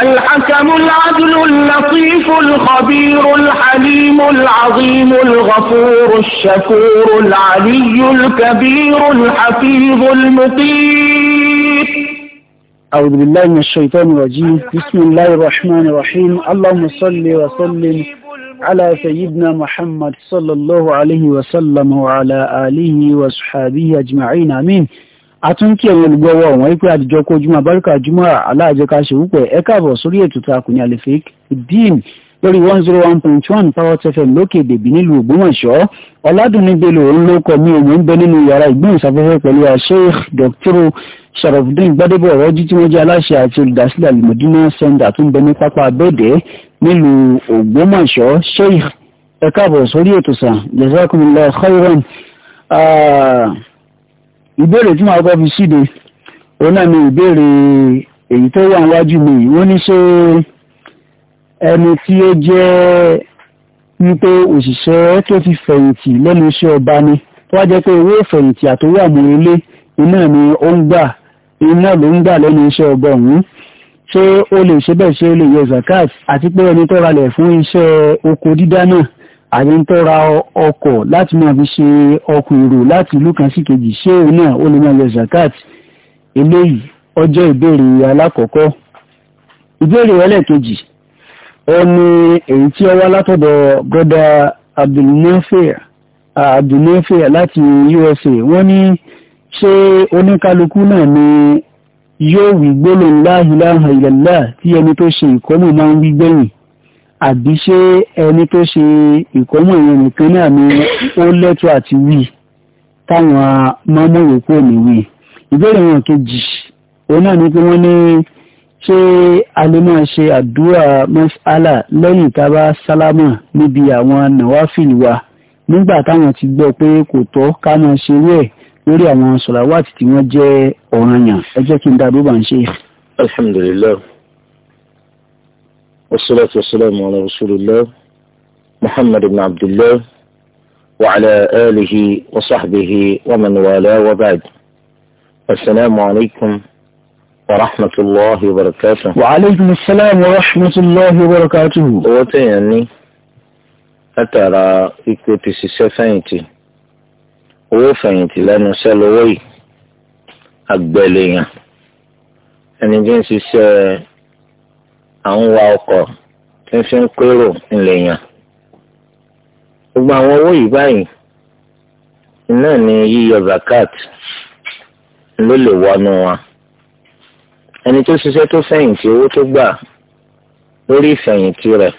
الحكم العدل اللطيف الخبير الحليم العظيم الغفور الشكور العلي الكبير الحفيظ المطيب أعوذ بالله من الشيطان الرجيم بسم الله الرحمن الرحيم اللهم صل وسلم على سيدنا محمد صلى الله عليه وسلم وعلى آله وصحبه أجمعين آمين a tún kí ẹ̀yin olùgbọ́wọ́ wọn wípé àdìjọ kojúmọ́ abáríkà jùmọ́ aláàjẹká ṣerúpẹ̀ ẹ káàbọ̀ sórí ètò tá a kò ní àlefẹ́ dín lórí one zero one point one power tfm lókè bèbí nílùú Ògbómọ̀ṣọ́ ọ̀làdùnní gbèlò ń ló kọ mí òun ń bẹ nínú yàrá ìgbóhùnsáfẹ́fẹ́ pẹ̀lú Sheikh Dr. Sharafdin Gbadebo ọ̀rọ̀jì tí wọ́n jẹ́ aláṣẹ àti olùdásílẹ̀ alimọ̀dínà center tó ń bẹ ní pápá abẹ́ẹ̀dẹ́ nílùú Ògbómọ̀ṣọ́ Sheikh ẹ káàbọ̀ sórí ètò sàn jazakumullahu khairan. Ah, ìbéèrè tí màá kọ́ fi síde òun náà ni ìbéèrè èyí tó wà níwájú mi wọ́n ní ṣé ẹni tí ó jẹ́ wípé òṣìṣẹ́ tó ti fẹ̀yìntì lẹ́nu iṣẹ́ ọba ni tó wá jẹ́ pé owó ìfẹ̀yìntì àtòwò àmúrelé iná ni ó ń gbà iná ló ń gbà lẹ́nu iṣẹ́ ọba ọ̀hún ṣé ó lè ṣe bẹ́ẹ̀ ṣé ó lè yọ zakat àti pé ẹni tó ralẹ̀ fún iṣẹ́ oko dídá náà àbí ń tọ́ra ọkọ̀ láti máa fi ṣe ọkọ̀ èrò láti ìlú kan sí kejì ṣé òun náà ó lè máa yọ zakat eléyìí ọjọ́ ìbéèrè alákọ̀ọ́kọ́ ìbéèrè ẹlẹ́ẹ̀kejì ọ̀nì èyí tí ó látọ̀dọ̀ brother abdulnafir láti usa wọ́n ní ṣé oníkálukú náà ni yóò wí gbólóhùn la ilaha illallah tí ẹni tó ṣe ìkọ́mù máa ń wí gbẹ̀yìn àbí ṣé ẹni tó ṣe ìkọ́mọ̀ ìyẹn nìkan náà ni ó lẹ́tọ̀ọ́ àti wí táwọn mọ́mú yòókù òní wí ìbéèrè wọn kejì òun náà ni pé wọ́n ní ṣé a lè máa ṣe àdúrà mọ́sálà lẹ́yìn tá a bá sálámà níbi àwọn nàwáfìlì wa nígbà táwọn ti gbọ́ pé kò tọ́ ká máa ṣe rẹ̀ lórí àwọn sọ̀làwátì tí wọ́n jẹ́ ọ̀ranyàn ẹ jẹ́ kí n dá dúró bá ṣe. alhamdulilayi والصلاة والسلام على رسول الله محمد بن عبد الله وعلى آله وصحبه ومن والاه وبعد السلام عليكم ورحمة الله وبركاته وعليكم السلام ورحمة الله وبركاته وتيني أترى إكوتي سيسفينتي وفينتي لأنه سلوي أقبالي أنا جنسي سيسفينتي àwọn wa ọkọ̀ tí ń fi ń ńlẹ̀ yàn. gbogbo àwọn owó yìí báyìí náà ni yíyọ zakat ló lè wọnú wa. ẹni tó ṣiṣẹ́ tó fẹ̀yìntì owó tó gbà lórí ìfẹ̀yìntì rẹ̀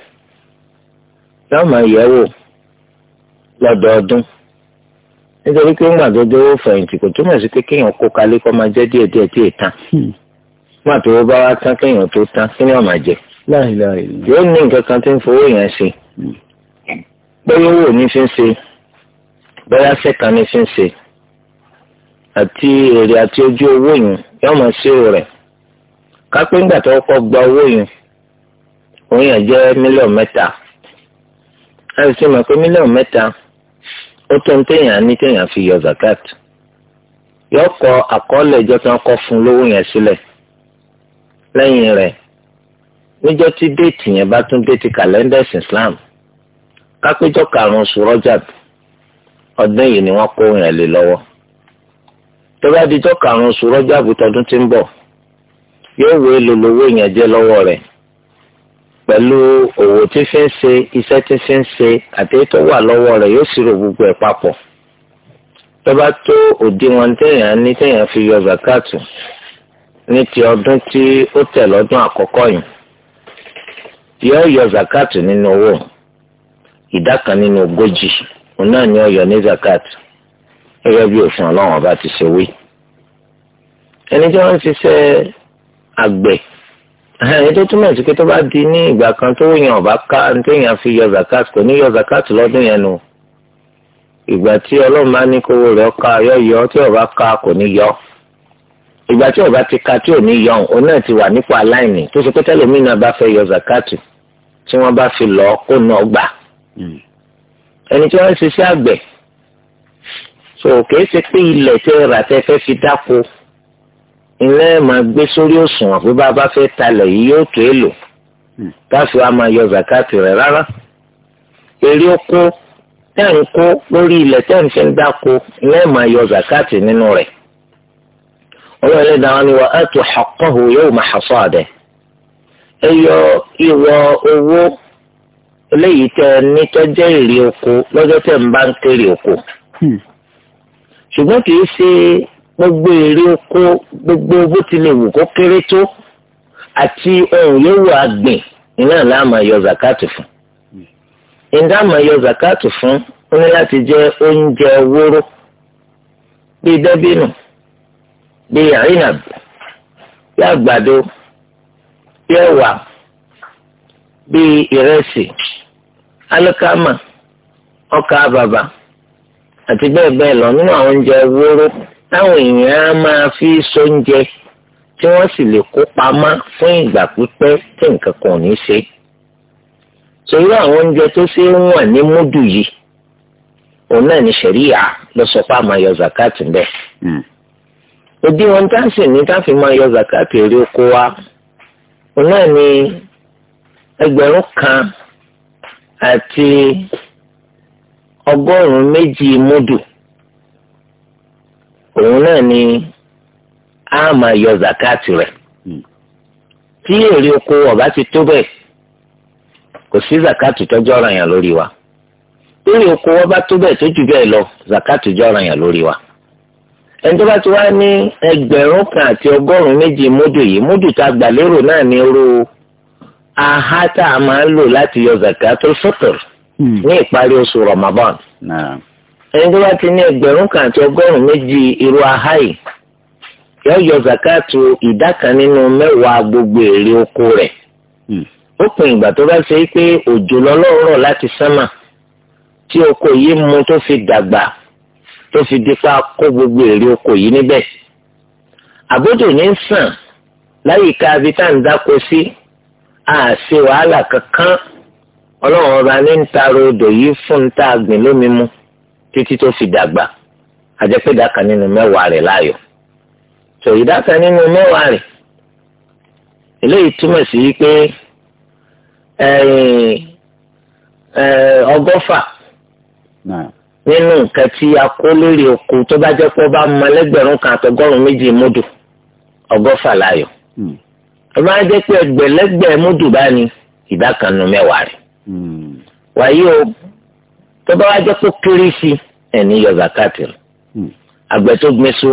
yóò máa yẹ̀ wò lọ́dọọdún nítorí pé owó fẹ̀yìntì kò túmọ̀ sí pé kéèyàn kó kó máa má tó bá wá tán kéèyàn tó tán kí ni ọ̀mà jẹ yóò ní nǹkan kan tó ń fowó yẹn ṣe hmm. bóyá owó ní fi ń ṣe bóyá sẹ́ka ní fi ń ṣe àti èrè àti ojú owó yẹn yóò máa ṣe rẹ̀ kápẹ́ ńgbà tó kọ́ gba owó yẹn òun yẹn jẹ́ mílíọ̀nù mẹ́ta láti ṣe mọ̀ pé mílíọ̀nù mẹ́ta ó tó ń téèyàn ní téèyàn fi yọ zakat yọ kọ àkọọ́lẹ̀ ìjọ tí wọ́n kọ́ fún lówó yẹn sílẹ̀. Si lẹ́yìn rẹ̀ níjọ́ tí déètì yẹn bá tún déètì kàlẹ́ndà Islam kápẹ́jọ́ karùn-ún oṣù ọdún yìí ni wọ́n kó yẹn lé lọ́wọ́ tó bá karùn-ún tọdún tí ń bọ̀ yóò wé lolówó yẹn jẹ́ lọ́wọ́ rẹ̀ fi ń ṣe iṣẹ́ tí fi ń wà lọ́wọ́ rẹ̀ yóò sì gbogbo ẹ̀ papọ̀ tó bá tó òdiwọ̀n fi yọ zakatu ní ti ọdún tí ó tẹ̀ lọ́dún àkọ́kọ́ yìí yóò yọ zakat nínú owó ìdá kan nínú ogójì òun náà ni ó yọ ní zakat gẹ́gẹ́ bí òfin ọlọ́run ọba ti ṣe wí. ẹni tí wọ́n ń ṣiṣẹ́ àgbẹ̀ ẹni tó túmọ̀ sí pé tó bá di ní ìgbà kan tó yàn ọba ká téèyàn fi yọ zakat kò ní yọ zakat lọ́dún yẹn nù ìgbà tí ọlọ́run bá ní kówó rẹ̀ ká yọ yọ tí ọba ká kò ní yọ ìgbà tí ọba ti ka tí ò ní yọ̀n òun náà ti wà nípò aláìní tó ṣe pé tẹ́lẹ̀mínà bá fẹ́ yọ zakatu tí wọ́n bá fi lọ kó náà gbà. Hmm. ẹni tí wọ́n ń ṣiṣẹ́ àgbẹ̀ so kìí ṣe pé ilẹ̀ tẹ́ rà tẹ́ fẹ́ fi dáko ilé máa gbé sórí òṣùwọ̀n pé bá a bá fẹ́ talẹ̀ yìí yóò tó èlò káfí hmm. wa máa yọ zakatu rẹ̀ rárá. èrè oko tẹ́ ń kó lórí ilẹ̀ tẹ́ ń fi dáko ilé máa yọ zakatu nínú rẹ̀. ọlọ́run ẹlẹ́dàá wọn ni wọ́n á tó haqqahu yawma hasadihi ẹ yọ ìwọ owó eléyìí tẹ ní tọ́jẹ́ oko lọ́jọ́ tẹ̀ bá ń kéré oko hmm. ṣùgbọ́n kì í gbogbo èrè oko gbogbo bó ti lè wù kó kéré tó àti ohun iná láàmà yọ fún hmm. ìdá àmà yọ fún ó bíi inab bíi àgbàdo bíi ẹ̀wà bíi ìrẹsì alikama ọkà bàbà àti bẹ́ẹ̀ bẹ́ẹ̀ lọ nínú àwọn oúnjẹ wóró táwọn èèyàn á máa fi sóúnjẹ tí wọ́n sì lè kó pamọ́ fún ìgbà pípẹ́ tí nǹkan kan ò ní ṣe. sórí àwọn oúnjẹ tó ṣe ń wọ̀n ní múdù yìí òun náà ní sẹ̀ríyà lọ́sọ̀pá àmọ́ ayọ̀ zakat ń bẹ̀. Hmm òbí wọn tá à ń sè ní tá a fi máa yọ zakati èrè oko wa òun náà ni ẹgbẹ̀rún kan àti ọgọ́rùn-ún méjì múdù òun náà ni a máa yọ zakati rẹ̀ hmm. tí èrè oko ọba ti tó bẹ́ẹ̀ kò sí zakati tọ́jú ọ̀ranyàn lórí wa èrè oko ọba tó bẹ́ẹ̀ tó jù bẹ́ẹ̀ lọ zakati jọ̀ranyàn lórí wa. ẹnitọ́ bá ti wá ní ẹgbẹ̀rún kan àti ọgọ́rùn-ún méjì módù yìí módù tá náà ní aha tá a máa ń lò láti yọ hmm. ní ìparí oṣù Ramadan bá ti ní ẹgbẹ̀rún kan aha yìí yọ yọ ìdá kan nínú mẹ́wàá gbogbo èrè oko rẹ̀ hmm. ó pin ìgbà tó bá ṣe pé òjò lọ́lọ́rọ̀ láti sánmà tí oko yìí mú tó fi dàgbà. tó fi di pa kó gbogbo èrè oko yìí níbẹ̀ àbójò ní sàn láyìíká abita ń dáko sí àṣe wàhálà kankan ọlọ́run ọba ní ń taro odò yìí fún ń tá a gbìn lómi mu títí tó fi dàgbà àjẹpẹ́dà nínú mẹ́wàá rẹ̀ láàyò tó ìdá nínú mẹ́wàá rẹ̀ eléyìí túmọ̀ sí pé ọgọ́fà nínú nǹkan tí a kó lórí oko tó bá jẹ́ pé ó bá mọ ẹlẹ́gbẹ̀rún kan àtọgọ́rùn méjì múdù ọgọ́fà láyọ̀ hmm. ó bá jẹ́ pé ẹgbẹ̀lẹ́gbẹ̀ múdù bá ní ìdá kan nu mẹ́wàá rẹ̀ hmm. wàyí o tó bá wá jẹ́ pé kéré sí ẹni yọ zakati rẹ̀ hmm. àgbẹ̀ tó gbin so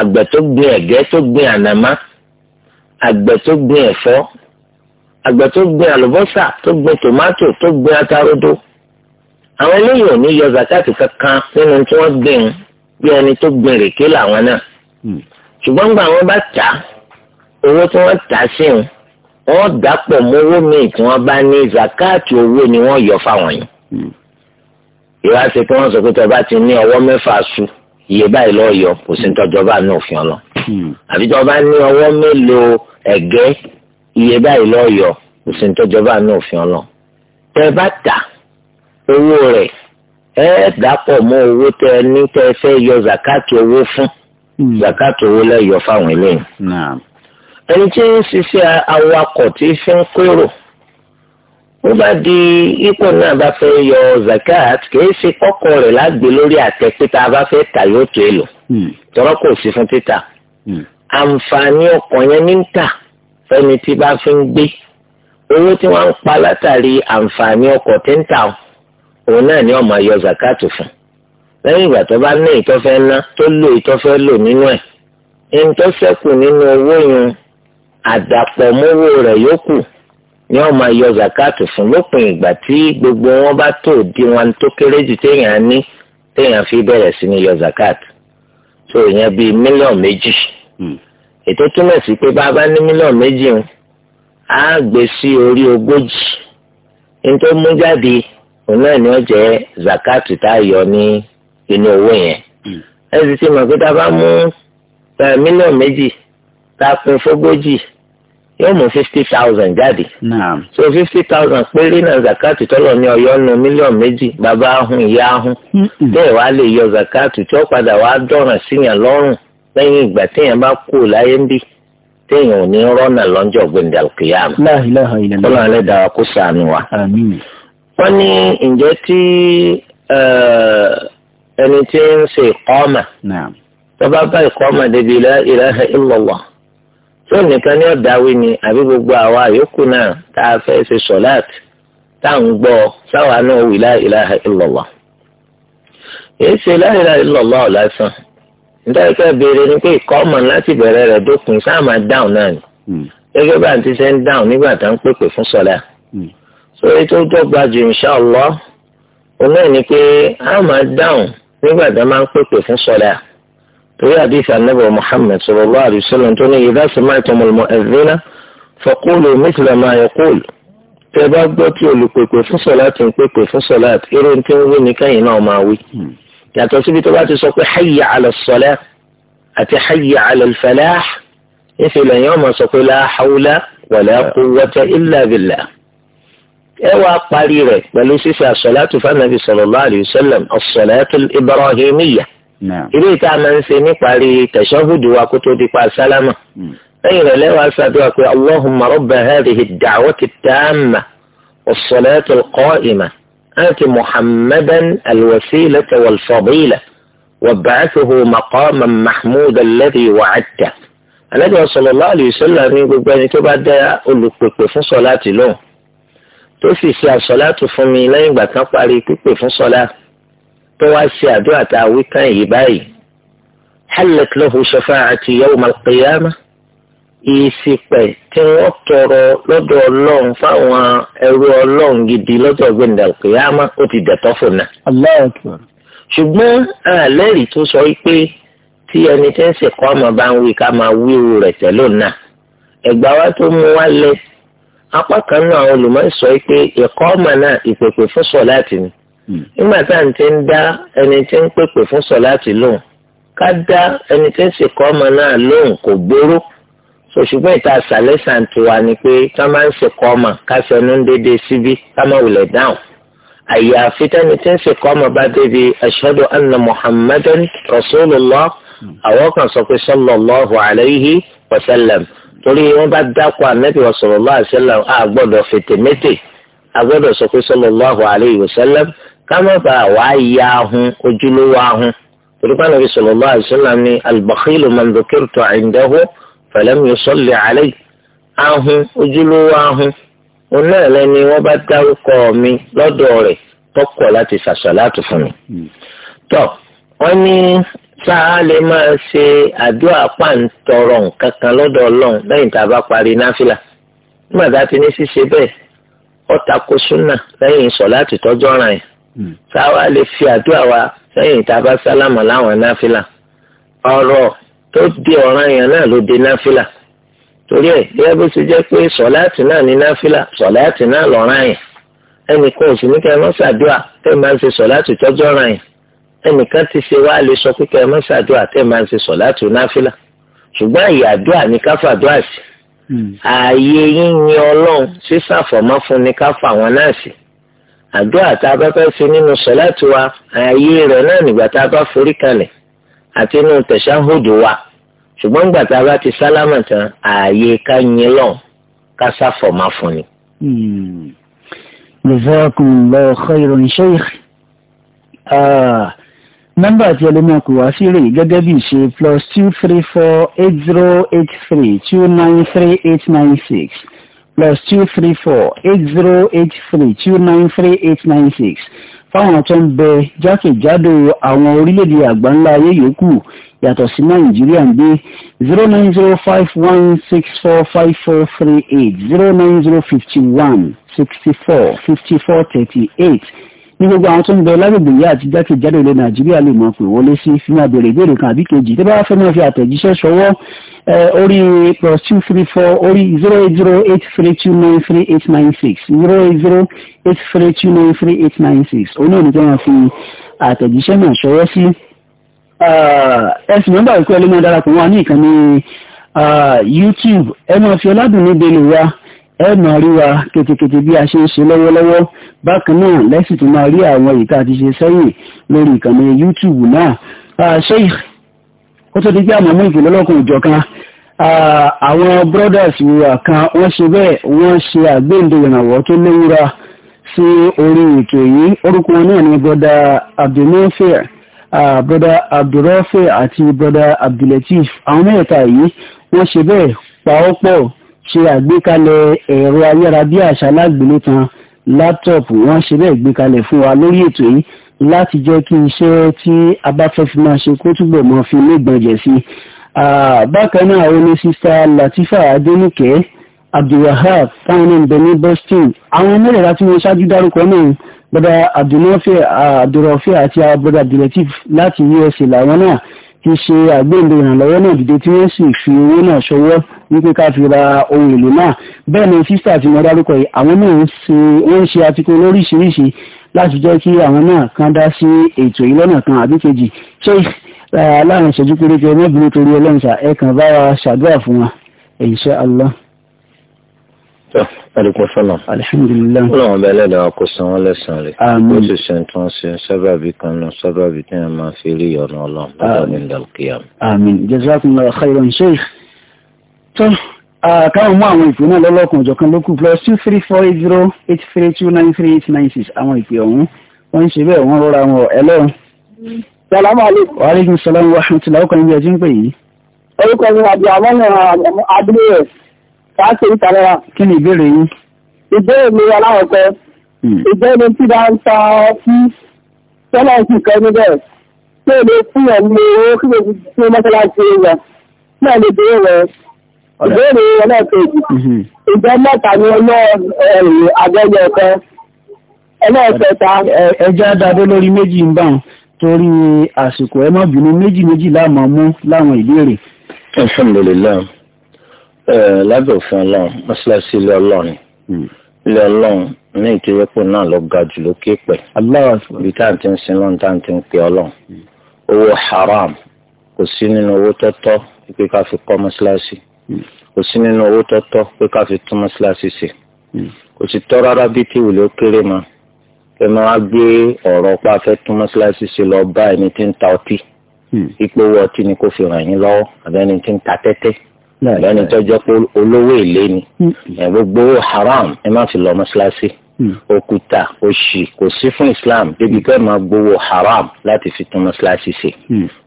àgbẹ̀ tó gbin ẹ̀gẹ́ tó gbin ànàmá àgbẹ̀ tó gbin ẹ̀fọ́ àgbẹ̀ tó gbin àlùbọ́sà tó gbin tòmátò tó gbin atarodo àwọn eléyìí ò ní yọ zakati kankan nínú tí wọ́n gbìn bí ẹni tó gbìn rèké làwọn náà hmm. ṣùgbọ́n gbà wọ́n bá tà owó tí wọ́n tà sí wọn wọ́n dàpọ̀ mówó míì tí wọ́n bá ní zakati owó ni wọ́n yọ fáwọn yìí hmm. ìwà ṣe kí wọ́n sọ pé tọba ti ní ọwọ́ mẹ́fà su iye báyìí lọ́ọ́ yọ kò sí tọ́jọba ní òfin ọlọ hmm. àbí tọba ní ọwọ́ mélòó ẹ̀gẹ́ iye báyìí lọ́ọ́ yọ kò sí tọ́jọba ní òfin ọlọ tẹ bá tà owó rẹ̀ ẹ dàpọ̀ mọ́ owó tẹ ní tẹ fẹ́ yọ zakati owó fún hmm. zakati owó lẹ́yọ fáwọn eléyìí. ẹni tí ń ṣiṣẹ́ awakọ̀ tí fi ń kérò ó bá di ipò náà bá fẹ́ yọ zakat kìí ṣe kọ́kọ́ rẹ̀ lágbè lórí àtẹ pé a bá fẹ́ tà yóò tó èlò hmm. tọrọ kò sí fún títà hmm. àǹfààní ọkọ̀ yẹn ní ń tà fẹ́ni tí bá fi ń gbé owó tí wọ́n ń pa látàrí àǹfààní ọkọ̀ tí ń tà ọ́ òun náà ni ọmọ ayọ zakato fún lẹ́yìn ìgbà tó bá ní ìtọ́fẹ́ ná tó lò ìtọ́fẹ́ lò nínú ẹ̀ ẹni tó ṣẹ́kù nínú owó yun àdàpọ̀ mówó rẹ̀ yókù ni ọmọ ayọ zakato fún lópin ìgbà tí gbogbo wọn bá tó di wọn tó kéré jù téèyàn ní téèyàn fi bẹ̀rẹ̀ sí ní yọ zakato tó yẹn bíi mílíọ̀n méjì hmm. ètò túmọ̀ sí pé bá a bá ní mílíọ̀n méjì ń á sí orí ogójì ní tó mú jáde onu eni ni je zakatu tá a yọ ní inú owó yẹn hmm. ẹ sì ti pé tá a bá mú mílíọ̀nù méjì tá a pín fógójì yóò jáde. so fifty thousand péré náà zakatu tọ́lọ̀ ní ọ̀yọ́ nu mílíọ̀nù méjì bàbá ahun ìyá ahun hmm. bẹ́ẹ̀ wàá lè yọ zakatu tí ó padà wàá dọ̀ràn síyàn lọ́rùn lẹ́yìn ìgbà téèyàn bá kú láyé ń bì téèyàn ò ní rọ́nà lọ́jọ́ kọ́lá kó wa. wọ́n ní ǹjẹ́ tí ẹni tí ń ṣe ìkọ́mà tó bá bá ìkọ́mà débi tó nìkan ní ni àbí gbogbo àwa àyókù náà tá a fẹ́ ṣe sọ̀láàtì tá à ń gbọ́ sáwà náà wí la ilaha èyí ṣe la ilaha illallah nítorí pé béèrè ni pé ìkọ́mà láti bẹ̀rẹ̀ rẹ̀ sáà máa dáhùn náà ni hmm. gẹ́gẹ́ bá àǹtí ṣe ń dáhùn sórí tó dọ́gba jù inṣàlá òun náà ni pé a máa dáhùn nígbà tá a máa ń pèpè fún sọlá torí àdìsí anábì Muhammad sallallahu alaihi wasallam tó ní idha sami'tumul mu'adhdhina faqulu mithla ma yaqulu tẹ bá gbọ́ tí olùpèpè fún sọlá ti ń pèpè fún sọlá eré tí ń wí ní kẹ́yìn náà máa wí yàtọ̀ síbi tó bá ti sọ pé hayya ala sọlá àti ẹ wá parí rẹ̀ pẹ̀lú ṣíṣe àṣọlátù fanabi sallallahu alayhi wa sallam àṣọlátù ibrahimiyya ilé ìta máa ń ṣe níparí tẹ̀sọ́hùdù wa kó tó di pa sálámà lẹ́yìn rẹ̀ lẹ́wọ̀ aṣáájúwa pé allahumma rabba hadhihi ad-da'wati at-tamma was-salati al-qa'ima ati muhammadan al-wasilata wal-fadila wab'athuhu maqaman mahmuda alladhi wa'adta alẹ́ bí wọ́n sallallahu alayhi wa sallam ní gbogbo ẹni tó bá dá olùpèpè fún sọ̀láàtì lóhùn tó sì ṣe àsọ̀látù fún mi lẹ́yìn ìgbà kan parí pípè fún sọ́lá tó wá ṣe àdúrà tá a wí kán yìí báyìí hallat lahu shafa'ati yawm al-qiyamah ìsìpẹ̀ tí wọ́n tọrọ lọ́dọ̀ ọlọ́run fáwọn ẹrú ọlọ́run gidi lọ́dọ̀ gbẹ̀ndà al-qiyamah ó ti dẹ̀tọ́ fún náà. ṣùgbọ́n àlẹ́rìí tó sọ pé tí ẹni tẹ́ ń ọmọ bá ń wí ká máa wíwú rẹ̀ tẹ́lọ̀ náà ẹ̀gbá wa tó mú wa lẹ́sí apá kan náà àwọn olùmọ̀ sọ pé ẹ̀kọ́ ọmọ náà ìpèpè fún sọ̀láàtì ni hmm. nígbà tá à ń ti ń dá ẹni tí ń pèpè fún sọ̀láàtì lóhùn ká dá ẹni tí ń sèkọ́ ọmọ náà lóhùn kò gbóró òṣùgbọ́n ìta sàlẹ́sàn tiwa ni pé ká máa ń sèkọ́ ọmọ ká fẹnu ń dédé síbí ká máa wulẹ̀ dáhùn àyàfi tẹ́ni tí ń sèkọ́ ọmọ bá débi ashhadu anna muhammadan rasulullah hmm. àwọn kan sọ pé sallallahu alayhi torí wọ́n bá dákọ ànábì wa sallallahu alaihi wasallam a gbọ́dọ̀ fètèmétè a gbọ́dọ̀ sọ pé sallallahu alaihi wasallam kámẹ́fà wà á yá ahun ojúlówó ahun torí pé ànábì sallallahu alaihi wasallam ni al-bakhilu man dhukirtu indahu falam yusalli alayhi ahun ojúlówó ahun òun náà wọ́n bá dárúkọ mi lọ́dọ̀ rẹ̀ tọkọ̀ láti ṣàṣàlátù fún mi. Hmm. tọ́ wọ́n ní tá a lè máa ṣe àdúrà pàǹtọrọ nǹkan kan lọ́dọ̀ ọlọ́run lẹ́yìn tá a bá parí náfìlà nígbà tá a ti ní ṣíṣe bẹ́ẹ̀ ọ̀tà kò súnà lẹ́yìn sọ̀ láti tọ́jú ọ̀ràn yẹn tá hmm. a wá lè fi àdúrà wa lẹ́yìn tá a bá sálámà láwọn náfìlà ọ̀rọ̀ tó di ọ̀ràn yẹn náà ló di náfìlà torí ẹ̀ yẹ bó ṣe jẹ́ pé sọ̀ láti náà ní náfìlà sọ̀ láti náà lọ́ràn yẹn ẹnì ẹnìkan ti ṣe wá lè sọ pé kẹ́ ẹ má ṣàdúrà tẹ́ ẹ máa ń ṣe sọ láti onáfílà ṣùgbọ́n àyè àdúrà ní ká fàdúrà sí ààyè hmm. yíyin ọlọ́run sísàfọ̀mọ́ fún ni ká fà wọn náà sí àdúrà tá a bá fẹ́ ṣe nínú sọ̀láàtì wa ààyè rẹ̀ náà nígbà tá a bá forí kalẹ̀ àti inú tẹ̀sánhódù wa ṣùgbọ́n nígbà tá a bá ti sálámà ààyè ká yin lọ́n ká sàfọ̀mọ́ fún ni. Hmm. jazakumullahu khairan sheikh. Ah, nọ́mbà àti ẹlẹ́mọ̀ kò wá sí rè gẹ́gẹ́ bí ìṣe plus two three four eight zero eight three two nine three eight nine six plus two three four eight zero eight three two nine three eight nine six fáwọn tó ń bẹ jákèjádò àwọn orílẹ̀-èdè àgbáńlá ayé yòókù yàtọ̀ sí nàìjíríà ń gbé zero nine zero five one six four five four three eight zero nine zero fifty one sixty four fifty four thirty eight ní gbogbo àwọn tó ń bẹ lágbègbè yìí àti jákèjádò ilẹ̀ nàìjíríà lè máa pè wọlé sí fi máa bèrè ìbéèrè kan àbí kejì tó bá fẹ́ máa fi àtẹ̀jíṣẹ́ ṣọwọ́ orí plus two three four orí zero eight zero eight three two nine three eight nine six zero eight zero eight three two nine three eight nine six òun náà ni kí wọ́n fi àtẹ̀jíṣẹ́ náà ṣọwọ́ sí. ẹ̀sìn mẹ́bàá ìkú ẹlẹ́mọ̀ darapọ̀ wọn ní ìkànnì YouTube ẹ máa fi ọládùn ẹ máa rí wa ketekete bí a ṣe ń ṣe lọ́wọ́lọ́wọ́ bákan náà lẹ́sìn tó máa rí àwọn èyí tá a ti ṣe sẹ́yìn lórí ìkànnì YouTube náà sheikh ó tó di pé àmọ́ mú ìpínlẹ̀ ọlọ́kùnrin ìjọkan àwọn brothers wa kan wọ́n ṣe bẹ́ẹ̀ wọ́n ṣe àgbéǹde ìrànwọ́ tó léwúra sí orí ètò yìí orúkọ wọn náà ni broda abdulmufir broda abdulrafir àti broda abdulatif àwọn mẹ́ta yìí wọ́n ṣe bẹ́ẹ̀ pàápọ̀ ṣe àgbékalẹ̀ ẹ̀rọ ayárabíàṣá lágbélétan láptọ̀pù wọ́n ṣe bẹ́ẹ̀ gbékalẹ̀ fún wa lórí ètò yìí láti jẹ́ kí iṣẹ́ tí a bá fẹ́ fi máa ṣe kó túbọ̀ mọ́ fi lẹ́gbọ̀njẹ̀ sí i. bákan náà àwọn ní sista Latifa Adenike Abdulrahab táwọn ń bẹ ní Boston àwọn mẹ́rẹ̀ẹ́ra tí wọ́n ṣáájú dárúkọ náà bọ́dà Abdulrafi àti bọ́dà Abdulatif láti USA làwọn náà ti ṣe àgbéǹde ìrànlọ́wọ́ náà dìde tí wọ́n sì fi owó náà ṣọwọ́ wípé ká fi ra ohun èlò náà bẹ́ẹ̀ ni sísà tí mo dárúkọ yìí àwọn náà wọ́n ń ṣe àtikó lóríṣiríṣi láti jẹ́ kí àwọn náà kan dá sí ètò yìí lọ́nà kan àbí kejì ṣé eh, láàrin ìṣẹ́jú péréte ẹgbẹ́ torí ọlọ́run ṣà ẹ̀ kàn bá wa ṣàdúrà fún wa insha Allah. Alùpùpùsọ̀lọ̀. Alihamdulilayi. Wọ́n làwọn bẹ̀rẹ̀ lọ kó san lẹ́sàn-án rẹ̀. Àmín. Ó sì ṣe tí wọ́n ṣe sábàbí kan náà sábàbí tí wọ́n máa fi rí ọ̀nà ọlọ́run lọ́dọ̀ ní ìdàlùkìyàm. Àmín. Jazakumullahu khairan sheikh. Tó káwọn mú àwọn ìpè náà lọ́lọ́kùn ọ̀jọ̀ lókù plus two three four eight zero eight three two nine three eight nine six àwọn ìpè ọ̀hún. Wọ́n ń ṣe bẹ́ẹ̀ wọ́n rọra wọn ẹlẹ́run. Salamu alaikum. Wa alaikum salam wa rahmatullahi Fáṣe ìtàlọ́wà kí ni ìbéèrè yín? Ìbéèrè mi aláwọ̀kọ́. Hmm. Ìjẹ́ ni tí bá ń ta ọtí tọ́lá sí kan níbẹ̀. Ṣé èlé fún ẹ̀ ní owó kí ló ti mọ́ṣáláṣí rẹ̀? Náà lè béèrè rẹ̀. Ìbéèrè ẹlẹ́ẹ̀kejì. Hmm. Ìjẹ́ mẹ́ta ni ọlọ́ ẹ̀rìn eh, àgbẹ̀yẹ kan. Ẹlẹ́ẹ̀kẹta. Ẹja dáadé lórí méjì ń bá wọn torí àsìkò ẹ má bínú méjì méjì láàmú láwọn ìbéèrè. Alhamdulillah lábẹ́ òfin ọlọ́run mọ́ṣáláṣí ilé ọlọ́run hmm. ilé ọlọ́run ní ìtòyẹ́pọ̀ náà lọ ga jù lókè pẹ̀. ibi tá à ń ti ń sin lọ́n tá à ń ti ń pè ọlọ́run. Hmm. owó haram kò sí nínú owó tọ́tọ́ pé ká fi kọ́ mọ́ṣáláṣí. Hmm. kò sí nínú owó tọ́tọ́ pé ká fi tún mọ́ṣáláṣí ṣe. kò sì tọ́ rárá bí tí ìwúlẹ̀ ó kéré ma. ẹ máa gbé ọ̀rọ̀ pa fẹ́ tún mọ́ṣáláṣí ṣe lọ bá ẹni tí ń ta ọtí. ipò owó ọtí ni kò fi ràn yín lọ́wọ́ àbẹ́ni tí ń ta tẹ́tẹ́ náà lẹ́ni tó jẹ́ pé olówó èlé ni hmm. gbogbo haram ẹ má fi lọ mọ́ṣáláṣí hmm. òkúta òṣì kò sí fún islam débi pé máa gbowó haram láti fi tún mọ́ṣáláṣí ṣe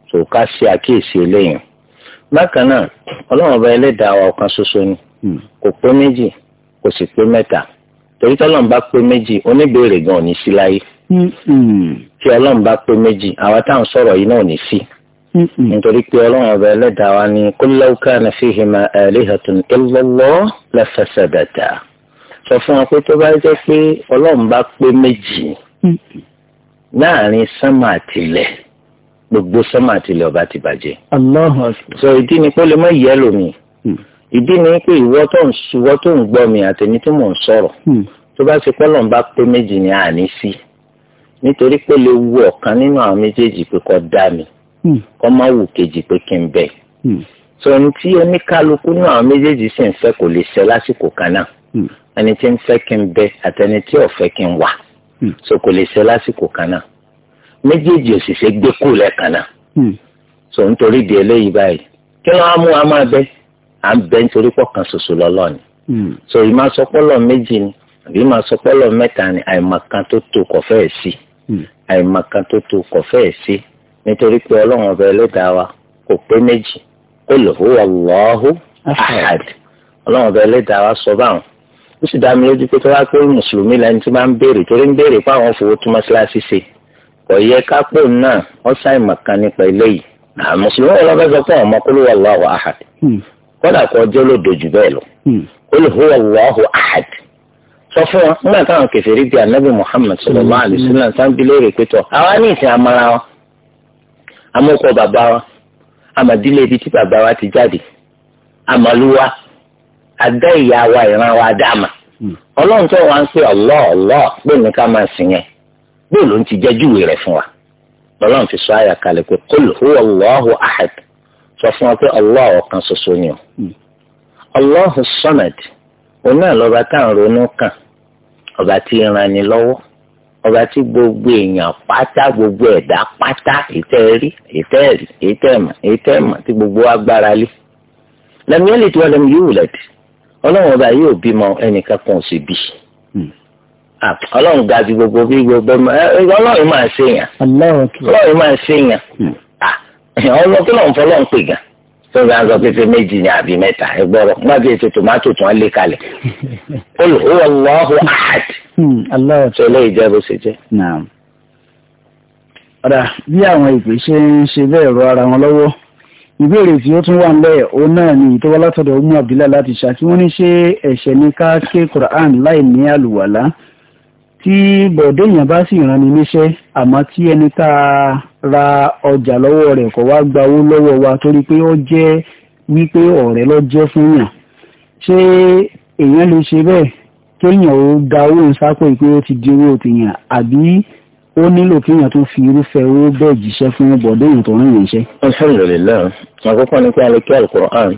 tó hmm. ká ṣe àkíyèsí eléyìí bákan náà ọlọ́run ọba ẹlẹ́dàá wa ọ̀kan ṣoṣo ni kò pé méjì kò sì pé mẹ́ta torí tọ́lọ́run bá pé méjì oníbèrè gan ò ní sí láyé tí ọlọ́run bá pé méjì àwa táwọn sọ̀rọ̀ yìí náà ò ní sí. Mm-hmm. nítorí pé ọlọ́run ọba ẹlẹ́dàá wa ni kul law kana fihima alihatun illallah lafasadata sọ fún wa pé tó bá jẹ́ pé ọlọ́run bá pé méjì mm-hmm. láàrin sánmà àtìlẹ̀ gbogbo sánmà àtìlẹ̀ ọba ti bàjẹ́. sọ ìdí ni pé ó lè mọ ìyẹ́ lómi mm. ìdí ni pé ìwọ tó ń suwọ́ tó ń gbọ́ mi àtẹni tí mò ń sọ̀rọ̀ mm. tó bá ṣe pé ọlọ́run bá pé méjì ni àní sí nítorí pé lè wù ọ̀kan nínú àwọn méjèèjì pé kó dá mi. Hmm kọ́ hmm. má wù kejì pé kí n bẹ̀. Hmm. sọ ní tí oníkálukú náà àwọn méjèèjì sì ń fẹ́ kò lè ṣe lásìkò kan náà hmm. ẹni tí ń fẹ́ kí n bẹ àtẹni tí ò kí n wà so kò lè ṣe lásìkò kan náà méjèèjì òṣìṣẹ́ gbé kù lẹ́ẹ̀kan náà so nítorí di eléyìí báyìí kí ló wá mú wa máa bẹ à ń bẹ nítorí pọ̀ ṣoṣo lọ́lọ́ ni so ìmọ̀ sọpọ́lọ̀ méjì ni àbí ìmọ̀ sọpọ́lọ̀ mẹ́ta ni àìmọ̀kan tó tó kọ̀ fẹ́ẹ̀ sí àìmọ̀kan tó tó kọ̀ fẹ́ẹ̀ sí nítorí pé ọlọ́run ọba ẹlẹ́dàá wa kò pé méjì qul huwa Allahu ahad ọlọ́run ọba ẹlẹ́dàá wa sọ báwọn ó sì dá mi lójú pé tó wá pé mùsùlùmí lẹni tí máa ń béèrè torí ń béèrè pé àwọn fowó tún mọ́ṣáláṣí ṣe kò yẹ kápò náà wọ́n nípa eléyìí mùsùlùmí sọ ahad hmm. kódà kó hmm. huwa ahad sọ fún wọn nígbà táwọn Muhammad sáńbí amọkọ bàbá wa amadílé ibi tí bàbá wa ti jáde amaluwa adá ìyá wa ìran wa dáàmà hmm. ọlọ́run tó wá ń pè Allah Allah pé ní ká máa sìn yẹn bẹ́ẹ̀ ló ń ti jẹ́júwe rẹ̀ fún wa lọ́lọ́run fi sọ àyà kalẹ̀ pé qul huwa Allahu ahad sọ fún wa pé Allah ọ̀kan ṣoṣo ni o hmm. Allahu samad oní àlọ́ba tá à ń ronú kàn ọba tí ń ranni lọ́wọ́ ọba tí gbogbo èèyàn pátá gbogbo ẹ̀dá pátá ìtẹ́rí ìtẹ́rí ìtẹ́mà ìtẹ́mà tí gbogbo agbára lé lẹ́nu yẹn lè tí wọ́n lẹ́nu yóò wùlẹ̀dì ọlọ́run ọba yóò bímọ ẹnìkan kan ò sì bí hmm. ọlọ́run ga ju gbogbo bí gbogbo ọlọ́run máa ṣèyàn ọlọ́run máa ṣèyàn hmm. ọlọ́run kí lóun fọlọ́run pè gan tó bá ń sọ pé ṣe méjì ni àbí mẹ́ta ẹ gbọ́rọ̀ má bí ètò tòmátò tí wọ́n lé kalẹ̀ qul huwa Allahu ahad tó hmm, lè jẹ́ bó ṣe jẹ́. ọ̀rà bí àwọn ìpè ṣe ń ṣe bẹ́ẹ̀ rọ ara wọn lọ́wọ́ ìbéèrè tí ó tún wà ńlẹ̀ òun náà ni ìtọ́wọ́ látọ̀dọ̀ Umu Abdullahi láti ṣá ní ṣe ẹ̀ṣẹ̀ ní ká ké Quran láì ní àlùwàlá tí bọ̀dé èèyàn bá sì rán ni níṣẹ́ àmọ́ tí ẹni tá a ra ọjà lọ́wọ́ rẹ̀ kò wá gba owó lọ́wọ́ wa torí pé ó jẹ́ wípé ọ̀rẹ́ ló jẹ́ fún yàn ṣé èèyàn lè ṣe bẹ́ẹ̀ kéèyàn ó da owó ń sápò pé ó ti di owó tèèyàn àbí ó nílò kéèyàn tó fi irúfẹ́ owó bẹ́ẹ̀ jíṣẹ́ fún bọ̀dé èèyàn tó rán yàn iṣẹ́. alhamdulilayi àkọ́kọ́ ni pé alẹ́ kí alukur'an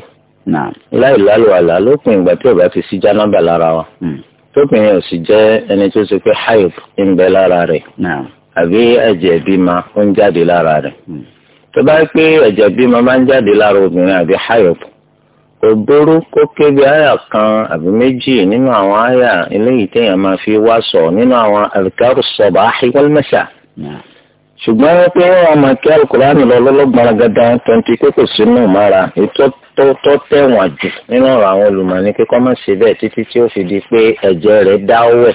tókùnrin ò sì jẹ́ ẹni tó ṣe pé haib ń bẹ lára rẹ̀ àbí ẹ̀jẹ̀ bímọ ó ń jáde lára rẹ̀ hmm. tó bá pé ẹ̀jẹ̀ bímọ máa ń jáde lára obìnrin àbí haib òbóró kó kébi àyà kan àbí méjì nínú àwọn àyà eléyìí téèyàn máa fi wá sọ nínú àwọn alikaru sọba ahiwal mẹsà ṣùgbọ́n wọ́n pé wọ́n máa kí alukurani lọ lọ́lọ́gbọ̀n gada twenty pé kò sínú ìmọ̀ra ètò tó tẹ̀wọ̀n jù nínú ọ̀rọ̀ àwọn olùmọ̀ọ́ni pé kọ́ máa ṣe bẹ́ẹ̀ títí tí ó fi di pé ẹ̀jẹ̀ rẹ̀ dáwẹ̀.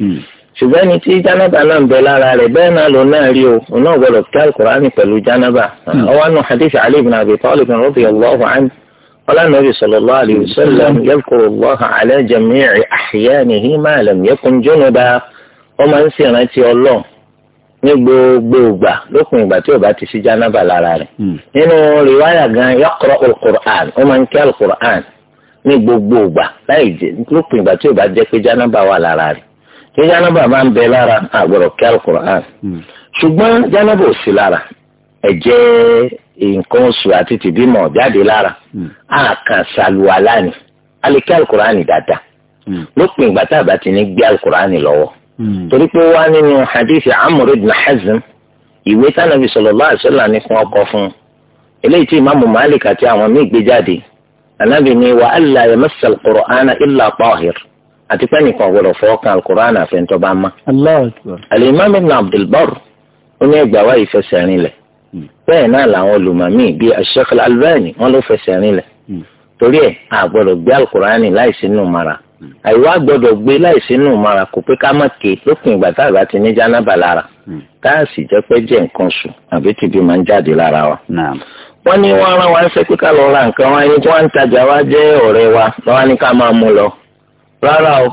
Hmm. ṣùgbọ́n ẹni tí jánábà náà ń bẹ lára rẹ̀ bẹ́ẹ̀ náà ló náà rí o òun náà gbọ́dọ̀ kí alukurani pẹ̀lú jánábà. ọwọ́ hmm. nù hadith قال النبي صلى الله عليه وسلم يذكر الله على جميع أحيانه ما لم يكن جنبا ومن سنة الله ní gbogbo ìgbà lókun ìgbà tí ó bá ti sí jánábà lára hmm. nínú rìwáyà gan yọkọrọ alukur'an ó máa ń ní gbogbo ìgbà láì jẹ lókun ìgbà tí ó bá jẹ pé jánábà wà lára rẹ̀ tí jánábà máa ń bẹ lára àgbọ̀rọ̀ kí hmm. ò sí lára hmm. ni Hmm. torí pé wá nínú hadithi amúr ibn hazm ìwé tánàbí sallallahu alaihi wasallam ní fún ọkọ fún eléyìí tí ìmáàmù malik àti àwọn míì gbé jáde anábì ní wa alla yamassa al-qur'ana illa tahir àti pé nìkan gbọdọ̀ fọwọ́kan al-qur'an àfẹ́ntọ́ bá má. al-imam ibn abdul barr ó ní ẹgbàá wá ìfẹsẹ̀ rinlẹ̀ hmm. bẹ́ẹ̀ náà làwọn olùmọ̀mí bíi al-sheikh al ló fẹsẹ̀ rinlẹ̀ hmm. torí ẹ̀ àgbọ̀dọ̀ gbé al-qur'an láìsí mara àìwá gbọ́dọ̀ gbé láìsí nù mara kò pé ká má ké lópin ìgbà tá a bá ti ní jánábà lára hmm. tá sì jẹ́ pé jẹ́ nǹkan sùn àbí tìbí máa ń jáde lára wa. wọ́n ní wọ́n rán wa ń fẹ́ pé ká lọ ra nǹkan wa ẹni tí wọ́n ń tajà wa jẹ́ ọ̀rẹ́ wa lọ́wọ́ ní ká máa mú lọ. rárá o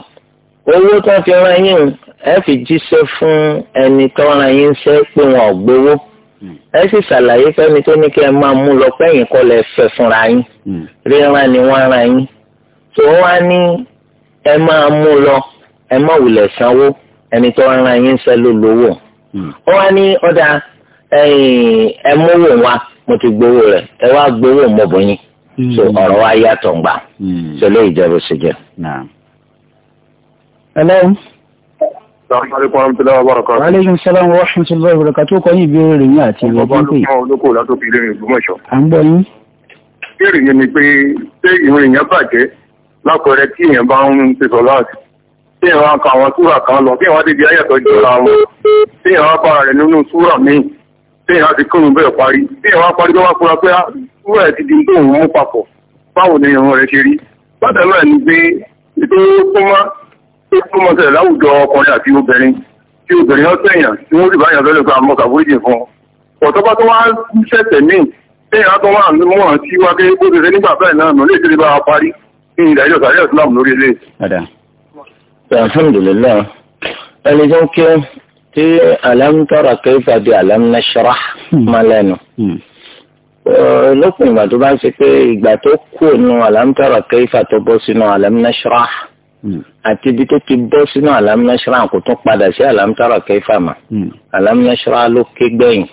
owó tó ń fi ran yín ẹ fi jíṣẹ́ fún ẹni tó ran yín ṣe pé wọn ò gbowó hmm. ẹ sì ṣàlàyé fẹ́ni tó ní kí ẹ máa mú lọ pẹ́yìn kọ́ lẹ fúnra yín hmm. ríran ni wọ́n ran yín tó wá ní ẹ máa mú lọ ẹ má wulẹ̀ sanwó ẹni tó ń ran yín sẹ́ ló lówó hmm. ó wá ní ọ̀dà ẹ mówó wa mo ti gbowó rẹ̀ ẹ wá gbowó mọ́bọ̀yìn hmm. so ọ̀rọ̀ wa yàtọ̀ ń gbà hmm. so lè ìjẹ́bù sí jẹ́. hello. Salaamaleykum warahmatullahi wabarakatuh. Wa aleykum salaam wa rahmatullahi wa barakatuh. Tó kọ́ yìí béèrè yín àti ìwé tó ń pè. Ọba olùkọ́ olóko látó fi ilé ìgbìmọ̀ ìṣọ̀. À ń gbọ́ yín. Béèrè yẹn ni pé ṣé ìrìn yẹn bàjẹ́ lápẹẹrẹ tí èèyàn bá ń ṣe sọ láti tí èèyàn bá àwọn súrà kan lọ tí èèyàn bá débi ayẹ̀tọ̀ jọra wọn tí èèyàn bá bára rẹ̀ nínú súrà míì tí èèyàn ti kírun bẹ́ẹ̀ parí tí èèyàn bá parí tó bá fura pé ah, súrà ẹ̀ ti di tó ń mú báwo ni ìrun rẹ̀ ṣe rí bàtà náà ni pé ètò kúmọ́ tó kúmọ́ sẹ̀ láwùjọ ọkùnrin àti obìnrin tí obìnrin ọ̀sẹ̀ èèyàn tí wọ́n sì bá yàn lọ́lẹ̀ àmọ́ kàbóyè ìdájọ́ sàrẹ́ islam lórí ilé. alhamdulilayi ẹni tó ń kí tí alam tara kẹfà bí alam nashrah hmm. máa lẹ́nu hmm. lópin ìgbà tó bá ń ṣe pé ìgbà tó kú nu alam tara kẹfà tó bọ́ sínú alam hmm. àti ibi tó ti bọ́ sínú alam kò tún padà sí alam tara kẹfà mà alam ló ké gbẹ̀yìn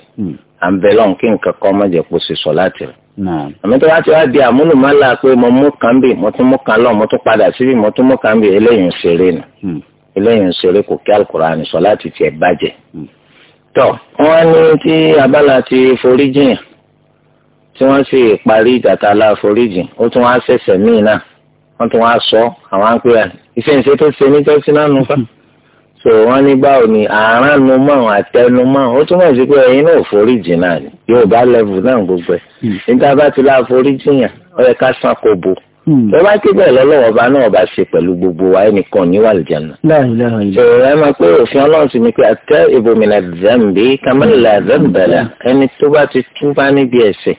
àbẹ̀lọ́n kí nǹkan kan má jẹ́ kó sọ láti rẹ̀ àmọ́ tó bá ti wá di àmúlùmálà pé mo mú kan bì mo tún mú kan lọ mo tún padà síbi mo tún mú kan bì eléyìí ń ṣeré nù hmm. eléyìí ń ṣeré kò kí alukurani sọ láti tiẹ̀ bàjẹ́ hmm. tọ́ wọ́n ní tí abala ti forí jìn tí wọ́n sì parí ìdàtà aláforíjìn ó tún wá ṣẹ̀ṣẹ̀ míì náà wọ́n tún wá sọ àwọn á ìṣèǹṣe tó ṣe níjọ́sí náà nù fún so wọn ní báwo ni àárán nu mọ àwọn àtẹnu mọ àwọn ó túmọ̀ sí pé ẹ̀yin náà foríjì náà ni yóò bá lẹ́vù náà gbogbo ẹ̀ hmm. níta bá ti lá foríjì yàn ó yẹ ká san kó bo hmm. tó bá ké bẹ́ẹ̀ lọ́lọ́wọ́ ọba náà ọba ṣe pẹ̀lú gbogbo wa ẹnìkan ní wàlìjánà. so ẹ máa pé òfin ọlọ́run ti ní pé àtẹ ìbòmìnà zẹ́ǹbì kàmẹ́lì làzẹ́ǹbẹ̀lẹ̀ ẹni tó bá ti tú bá níbi ẹ̀ṣẹ̀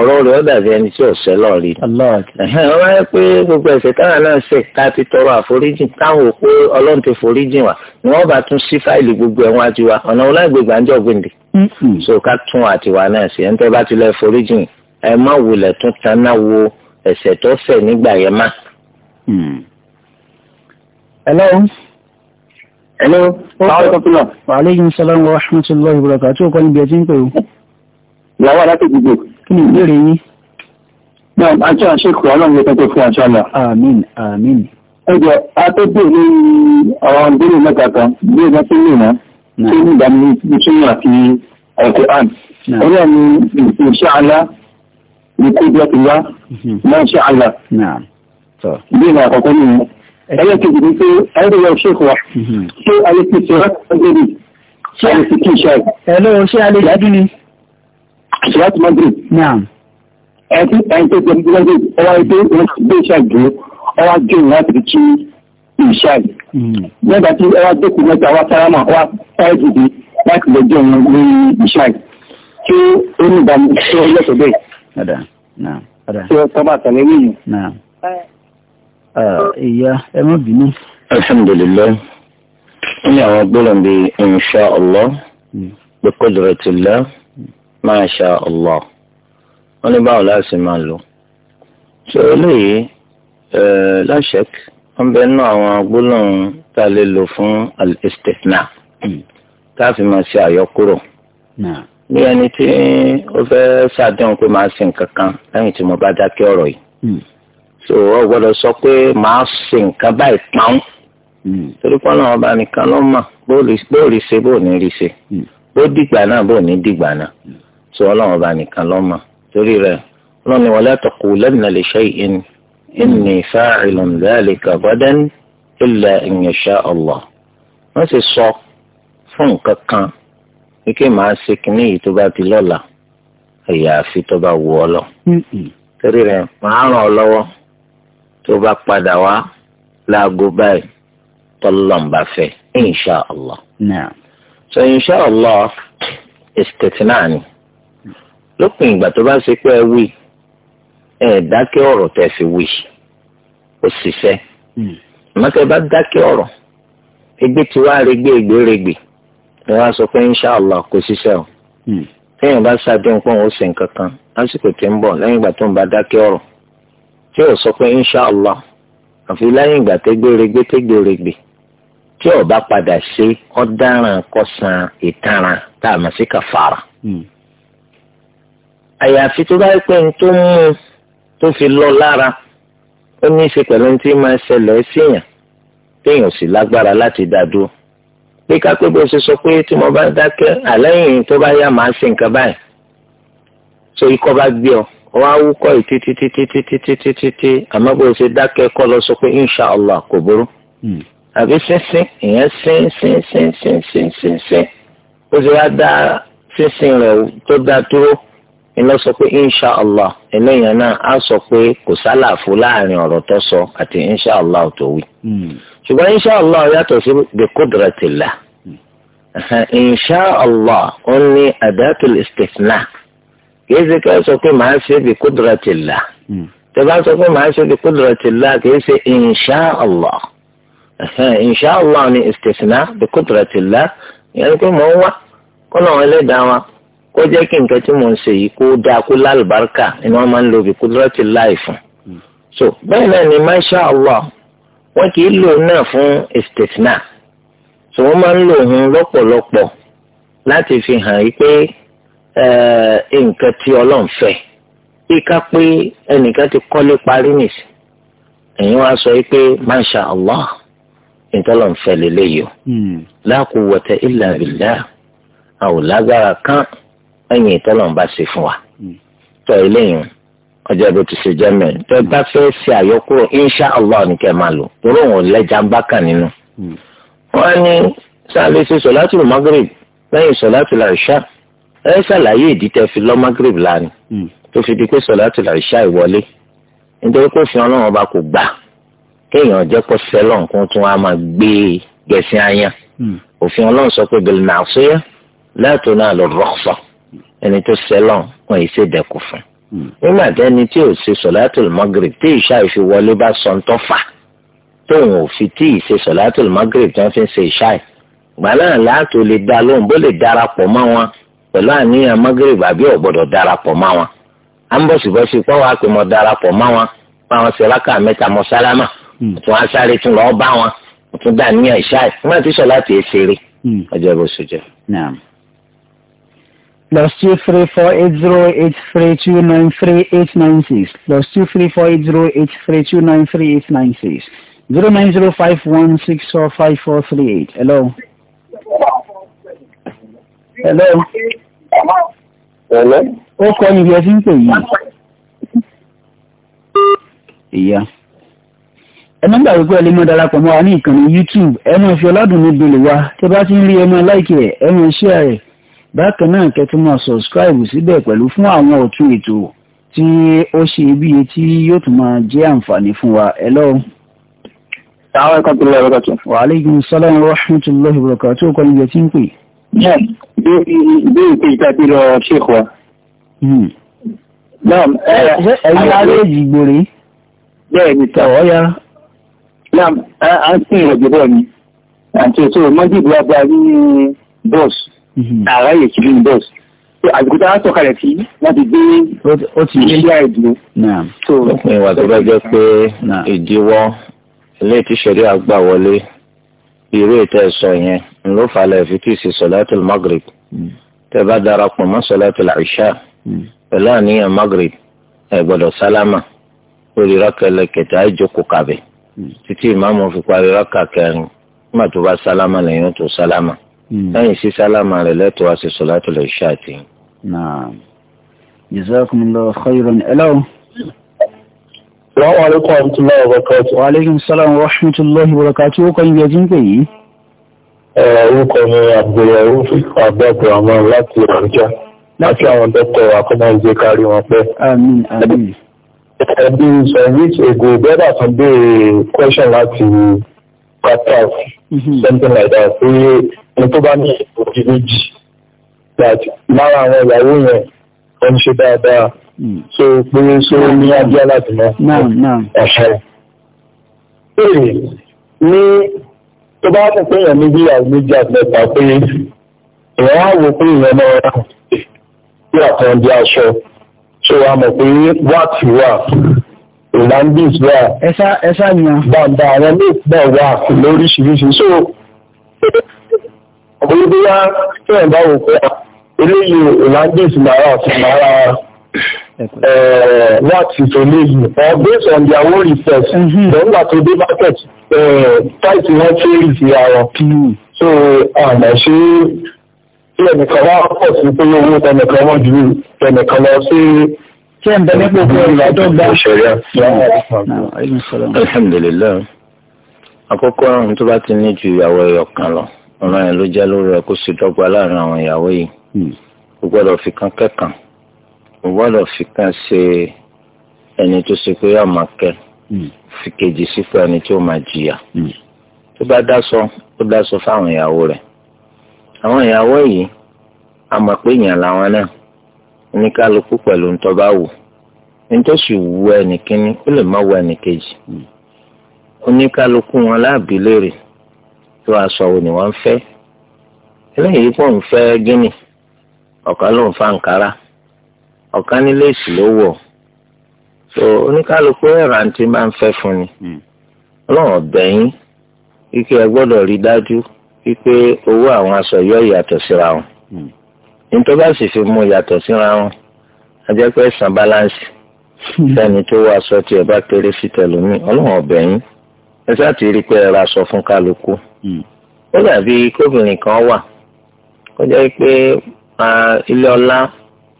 ọ̀rọ̀ rẹ̀ ó dàbí ẹni tí ọ̀sẹ̀ lọ rí. ọ wá yẹ pé gbogbo ẹ̀ṣẹ̀ táwọn náà ṣẹ̀ ká ti tọrọ àforíjì táwọn ò pé ọlọ́run ti foríjì wá ni wọ́n bá tún sí fáìlì gbogbo ẹ̀wọ̀n àti wa ọ̀nà ọlágbègbè àjọ gbèǹdè. so ká tún àtiwá náà ṣe ẹ̀ ń tẹ́ bá ti lọ foríjì ẹ má wulẹ̀ tún taná wo ẹ̀ṣẹ̀ tó fẹ̀ nígbà yẹn má. Mm. hello. hello. wa aleykum salaam wa rahmatulahi wa barakatuh ìyàwó alátẹ̀gbogbo kí ni ìbéèrè yín. náà àjọ àṣekù ọlọ́run ló tọ́jú fún àṣọ àlà. àmín àmín. ẹ jọ atẹ́gbẹ́ ní àwọn ìbéèrè mẹ́ta kan bí ẹgbẹ́ tó lè náà tó ní ìdàmú ìṣúná àti ọ̀kọ̀ àn. orí ẹni ìṣe àlá ní kó jẹ́ tìlá mhm. náà ṣe àlà. bí ẹ̀rọ àkọ́kọ́ nìyẹn. ẹ̀yẹ́ kejì ni pé ẹ̀rọ ṣèkù wa mhm. ṣé alẹ́ ti ṣe rẹ́ àṣìwájú madrid. ẹtí ẹtí ẹtí ẹtí ẹtí ọwọ́ ẹgbẹ́ ìgbẹ́ ìṣàgbé ọwọ́ ajé ìwọ̀n láti fi kí ìṣàì. Hmm. nígbà tí ọwọ́ adékùn mẹ́ta wá sáramà wá sáyé dìde láti lọ jẹun ní ìṣàì. tí ó ní ìbámu tí ó lẹ́sọ̀ bẹ́ẹ̀. tí ó sábà tẹ̀lé wíyìn. ìyá ẹ bínú. alhamdulilayi wọ́n ní àwọn gbọ́dọ̀ bíi inṣàlá bí tìlá. Masha Allah wọ́n ní báwo láti máa lò ṣé eléyìí láṣẹk wọ́n bẹ nínú àwọn gbólóhùn tá a lè lò fún al-istithna tá a fi máa ṣe àyọkúrò bí ẹni tí ó fẹ́ ṣàdéhùn pé máa ṣe nǹkan kan lẹ́yìn tí mo bá dákẹ́ ọ̀rọ̀ yìí hmm. so ọ gbọ́dọ̀ sọ pé màá ṣe nǹkan báyìí pàún hmm. torí pé ọlọ́run ọba nìkan ló mọ̀ bó rí ṣe bó ní rí ṣe hmm. bó dìgbà náà bó ní dìgbà náà sọ ọlọ́run ọba nìkan lọ́mọ torí rẹ̀ ọlọ́run ni wala taqulanna li shay'in inni fa'ilun dhalika ghadan illa in yasha Allah wọ́n sì sọ fún nǹkan kan wíkẹ́ màá ṣe kínní yìí tó bá ti lọ́la àyàfi tó bá wù ọ́ lọ. torí rẹ̀ màá ràn ọ́ lọ́wọ́ tó bá padà wá láago báyìí tọ́lọ́mbà fẹ́ insha Allah. sọ insha Allah ìsìtẹ̀tì lópin ìgbà tó bá ṣe pé ẹ wí ẹ dákẹ́ ọ̀rọ̀ tẹ́ fi wí ó sì hmm. mọ́tẹ́ bá dákẹ́ ọ̀rọ̀ ẹgbẹ́ tí wàá regbè ègbè regbè ni wàá sọ pé inṣàlá kò ṣiṣẹ́ o hmm. téèyàn bá ṣàdéhùn pé òun ó ṣe nǹkan kan lásìkò tí ń bọ̀ lẹ́yìn ìgbà tó ń bá dákẹ́ ọ̀rọ̀ padà ṣe ọ̀daràn tá a mọ̀ sí àyàfi tó bá yẹ pé ní tó mú un tó fi lọ lára ó ní í ṣe pẹ̀lú ní tí máa ṣẹlẹ̀ síyàn téèyàn sì lágbára láti dá dúró pé kápẹ́ bó ṣe sọ pé tí mo bá dákẹ́ àlẹ́yìn tó bá yá màá ṣe nǹkan báyìí so ikọ́ bá gbé ọ wọ́n á wúkọ́ yìí títí títí títí títí títí àmọ́ bó ṣe dákẹ́ kọ́ lọ sọ pé inshàlá kò burú hmm. àbí sínsín ìyẹn sín sín sín sín sín sín sín ó ṣe wá dá sínsín rẹ̀ tó dá dúró ńlọ sọ pé inshàlá eléyàn náà á sọ pé kò sálàfo láàrin ọ̀rọ̀ tó sọ àti inshàlá tó wí. Hmm. ṣùgbọ́n inshàlá yàtọ̀ sí bi qudratillah inshàlá ó ní adatul istithna kìí ṣe ká sọ pé màá ṣe bi qudratillah hmm. tó bá sọ pé màá ṣe bi qudratillah kìí ṣe inshàlá inshàlá ni istithna bi qudratillah yẹn pé mò ń wá kọ́nà wọn lè dá wọn. kó jẹ́ kí nǹkan tí mò ń ṣe yìí kó dáa kó lálùbáríkà ni wọ́n máa ń lo bí kúdúrọ́tì láì fún. Hmm. so bẹ́ẹ̀ náà ni masha allah wọ́n kì í lò náà fún estate istisna so wọ́n máa ń lò hun lọ́pọ̀lọpọ̀ láti fi hàn yí pé eh, nǹkan tí ọlọ́run fẹ́ ika pé ẹnìkan ti kọ́lé parí nìsí ẹ̀yin wá sọ yí pé masha allah ìtọ́lọ́nfẹ́ lélẹ́yìí o hmm. la quwwata illa billah àwòlágbára kan. Mm ẹ̀yìn ìtọ́lọ́run bá ṣe fún wa hmm. tọ́ eléyìí ọjọ́ ìbò ti ṣe jẹ́ mẹ́rin tọ́ ẹ bá fẹ́ ṣe àyọkúrò insha allah ni kẹ́ máa lò torí òun ò lẹ́jà ń bá kà nínú. Hmm. wọ́n ní sáré ṣe sọ̀látù magrib lẹ́yìn sọ̀látù làrìṣà ẹ ṣàlàyé ìdí tẹ́ fi lọ magrib lánàá hmm. tó fi di pé sọ̀látù làrìṣà ìwọlé nítorí pé òfin ọlọ́run bá kò gbà kéèyàn jẹ́ kó sẹ́lọ̀n kó tún á máa gbé gẹ̀ẹ́sì àyàn òfin ọlọ́run sọ pé bẹ̀rẹ̀ nàásọ́yà látò náà lọ rọ̀ṣọ̀ ẹni tó sẹ́lọ̀n wọn yìí ṣe dẹ́kù fún hmm. nígbà tẹ́ni tí ò ṣe sọ̀látùl magrib tí ìṣá ìfi wọlé bá sọ ń tọ́fà tóun ò fi tí ìṣe sọ̀látùl magrib tí wọ́n fi ń ṣe ìṣá ì gbà náà láàtò lè dá lóhùn bó lè darapọ̀ mọ́ wọn pẹ̀lú àníyàn magrib àbí ò gbọ́dọ̀ darapọ̀ mọ́ wọn à ń bọ̀sibọ̀si pọ́n wá pé mo darapọ̀ mọ́ wọn pa wọn ṣe rákà mẹ́ta mọ́ sálámà hmm. tún á sáré tún lọ́ọ́ bá wọn tún dá níyàn ìṣá ì plus two three four eight zero eight three two nine three eight nine six plus two three four eight zero eight three two nine three eight nine six zero nine zero five one six four five four three eight. Hello. Hello. Hello. Ó kọ́ ni bí ẹ ti ń pè yìí. Ìyá. Ẹ má gbàgbé pé ẹlẹ́mọ̀ darapọ̀ mọ́ wa ní ìkànnì YouTube. Ẹ máa fi ọlọ́dún níbi lè wa. Tí bá ti ń rí ẹ máa láìkì ẹ̀, ẹ máa ṣíà rẹ̀ bákan náà kẹtùmọ̀ subscribe síbẹ̀ pẹ̀lú fún àwọn ọ̀tún ètò tí ó ṣe iyebíye tí yóò tún máa jẹ́ àǹfààní fún wa ẹ lọ́wọ́. Àwọn ẹ̀kọ́ tó lọ́wọ́ bàtà. Wa alaikum salam wa rahmatullahi wa barakatuh tó kọ́ níbi ẹtí ń pè. Bẹ́ẹ̀ bí ìpè ìtàkì lọ ṣe kọ́. Ẹ̀yin aréjì gbòòrè. Bẹ́ẹ̀ ni tọ̀ ọ́ yára. Náà, à ń sìn ìrọ̀jẹ̀ bọ̀ ni. Àǹtí ètò mọ́jì ìbúra bá ní bọ́ọ̀sì àwa yẹ kí lóyún bọ́ọ̀sì àsìkò tí a sọ̀kalẹ̀ sí láti gbé ilé àìdúró. lópin ìwà tó bá jẹ́ pé ìdíwọ́ ilé ìtìṣẹ́rí àgbà wọlé irú ètò ẹ̀sọ́ yẹn ló falẹ̀ fi tí ì sí sọ̀látìl magrib mm. tẹ́ bá darapọ̀ mọ́ sọ̀látìl àìṣà mm. pẹ̀lú àníyàn magrib ẹ̀ gbọ́dọ̀ sálámà lórí rákẹ́lẹ̀ kẹta ìjókòó kàbẹ̀ mm. títí ìmáàmù fi parí rákà kẹrin nígbà tó bá sálámà lẹ́yìn tó sálámà. Hmm. lẹ́yìn sí sálámà rẹ̀ lẹ́tọ̀ọ́ wá sí sọ̀látù lè ṣe àti. jazakumullahu khairan ẹlọ́. wàhálà kọ́ àtúntò ọ̀bọ̀kọ́tù. wa aleykum salaam wa rahmatulahi wa barakatuh ó kọ́ ibi ẹjí ń pè yìí. orúkọ mi abdulrahman abdulrahman láti ọjà láti àwọn dókítà akọ́mọ̀jẹ kárí wọn pẹ́. àmín àmín. ẹbí sọ wíìtì ègò bẹ́ẹ̀dà kan béèrè question láti qatar mhm. something like that ẹni tó bá ní òbí méjì láti lára àwọn ìyàwó yẹn wọ́n ṣe dáadáa hmm. so pé ṣé ó ní ajá láti mọ́ ọ̀ṣẹ́. èrè ní tó bá mọ̀ pé èèyàn níbi ìyàwó méjì àti mẹ́ta pé èèyàn á wò pé èèyàn náà rà sí àkàndí aṣọ ṣé wàá mọ̀ pé wáàtì wà ìlàndis wà ẹ̀ṣá ẹ̀ṣá yẹn bàbá àwọn méjì náà wà lóríṣiríṣi so ọ̀pọ̀lọpọ̀ bóyá tí ẹ̀ bá wò pé ah, eléyìí ìlànjẹ́sì màrà ọ̀sẹ̀ màrà láti tòlé yìí or based on their own research lọ́gbà mhm. tó dé market táìtì wọn tó rí sí ara so àmọ́ ṣé ẹnìkan wá pọ̀ sí pé owó tẹnìkan wọ́n ju tẹnìkan lọ sí kí ẹ̀ ń bẹ nípò pé ọ̀dọ́ gba ìṣẹ̀rẹ̀ alhamdulilayi àkọ́kọ́ ohun tó bá ti ní ju ìyàwó ẹ̀yọ̀ kan lọ ọ̀ràn yẹn ló jẹ́ lórí rẹ̀ kó sì dọ́gba láàrin àwọn ìyàwó yìí hmm. kò gbọ́dọ̀ fi kan kẹ́kàn kò gbọ́dọ̀ fi kan ṣe ẹni tó ṣe pé yóò máa kẹ́ hmm. fi kejì sípò ẹni tí ó máa jìyà hmm. tó bá dáṣọ ó dáṣọ fáwọn ìyàwó rẹ̀ àwọn ìyàwó yìí a mọ̀ pé èèyàn làwọn náà oníkálukú pẹ̀lú ntọ́ bá wù nítòsí wù ẹnìkíní ó lè má wù ẹnìkejì oníkálukú wọn láàbí léèrè irú aṣọ wo ni wọ́n ń fẹ́ eléyìí kò ń fẹ́ gíní ọ̀kan ló ń fa nkárá ọ̀kan nílé èsì ló wọ̀ so oníkálukú ẹ̀rántí máa ń fẹ́ fún ni hmm. ọlọ́run ọ̀bẹ̀yìn wípé ẹ gbọ́dọ̀ rí dájú wípé owó àwọn aṣọ yọ ìyàtọ̀ síra wọn hmm. nítorí bá sì fi mú ìyàtọ̀ síra wọn a san balance sẹ́ni tó wọ aṣọ tí ẹ bá kéré sí tẹ̀lómi ọlọ́run ọ̀bẹ̀yìn ẹ sáà ti rí pé ẹ ra aṣọ fún kálukú ó dàbí kóbìnrin kan wà ó jẹ́ pé ilé ọlá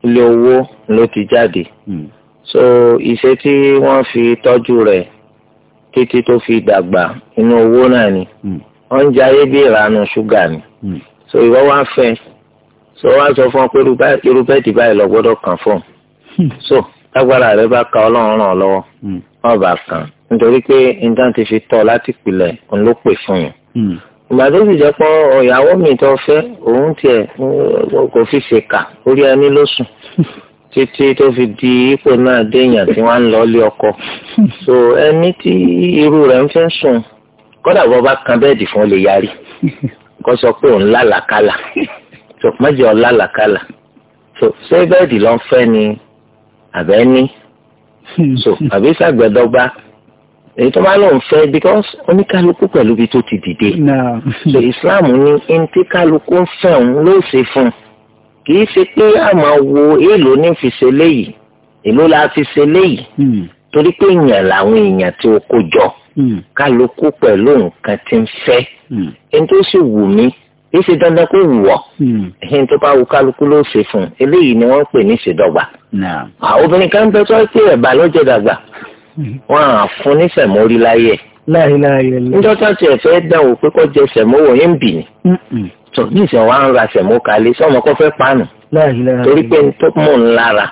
ilé owó ló ti jáde hmm. so iṣẹ́ tí wọ́n fi tọ́jú rẹ̀ títí tó fi dàgbà inú owó náà ni hmm. wọ́n ń jẹ ayé bí ìranu ṣúgà ni hmm. so ìwọ wá fẹ́ so wá sọ fún ọ pé irú bẹ́ẹ̀dì báyìí lọ gbọ́dọ̀ kàn fún un so lágbára rẹ bá ka ọlọ́run ràn lọ́wọ́ wọ́n bá kàn nítorí pé nǹkan ti fi tọ́ láti pilẹ̀ òun ló pè fún yín Hmm. ìgbà tó sì jẹ́ pọ́ ọ̀yàwó mi tó fẹ́ òun tiẹ̀ kò fi ṣèkà orí ẹni ló sùn títí tó fi di ipò náà déèyàn tí wọ́n ń lọ lé ọkọ so ẹni tí irú rẹ̀ ń fẹ́ sùn kódà bọ́ bá kan bẹ́ẹ̀dì fún lè yarí kó sọ pé òun lálàkálà so mẹ́jọ lálàkálà so ṣé bẹ́ẹ̀dì ló ń fẹ́ ni àbẹ́ ní so àbí sàgbẹ́dọ́gba èyí tó bá lóun fẹ́ because oníkálukú pẹ̀lú ibi tó ti dìde. so islam ní ntí kálukú ń fẹ́ òun ló ṣe fún un kì í ṣe pé a máa wo èèlò ní fi léyìí èèlò la fi ṣe léyìí hmm. torí pé èèyàn làwọn èèyàn tí ó kó jọ hmm. kálukú pẹ̀lú nǹkan tí ń fẹ́ hmm. ẹni tó sì wù mí kìí ṣe dandan kó wù ọ ẹni tó bá wù kálukú ló ṣe fún eléyìí ni wọ́n ń pè ní ìṣèdọ́gba. obìnrin kan bẹ tó ẹ pé ẹ̀bà ló dàgbà wọn à fún ní sẹ̀mórí láyé ẹ̀. níjọ́ tó ti ẹ̀fẹ́ dàn wò pé kó jẹ sẹ̀mó wò yín bì ní. tó ní ìsìn wa ń ra sẹ̀mó kalẹ̀ sọ́mọ kó fẹ́ pàánù. torí pé tó mọ̀ ń lára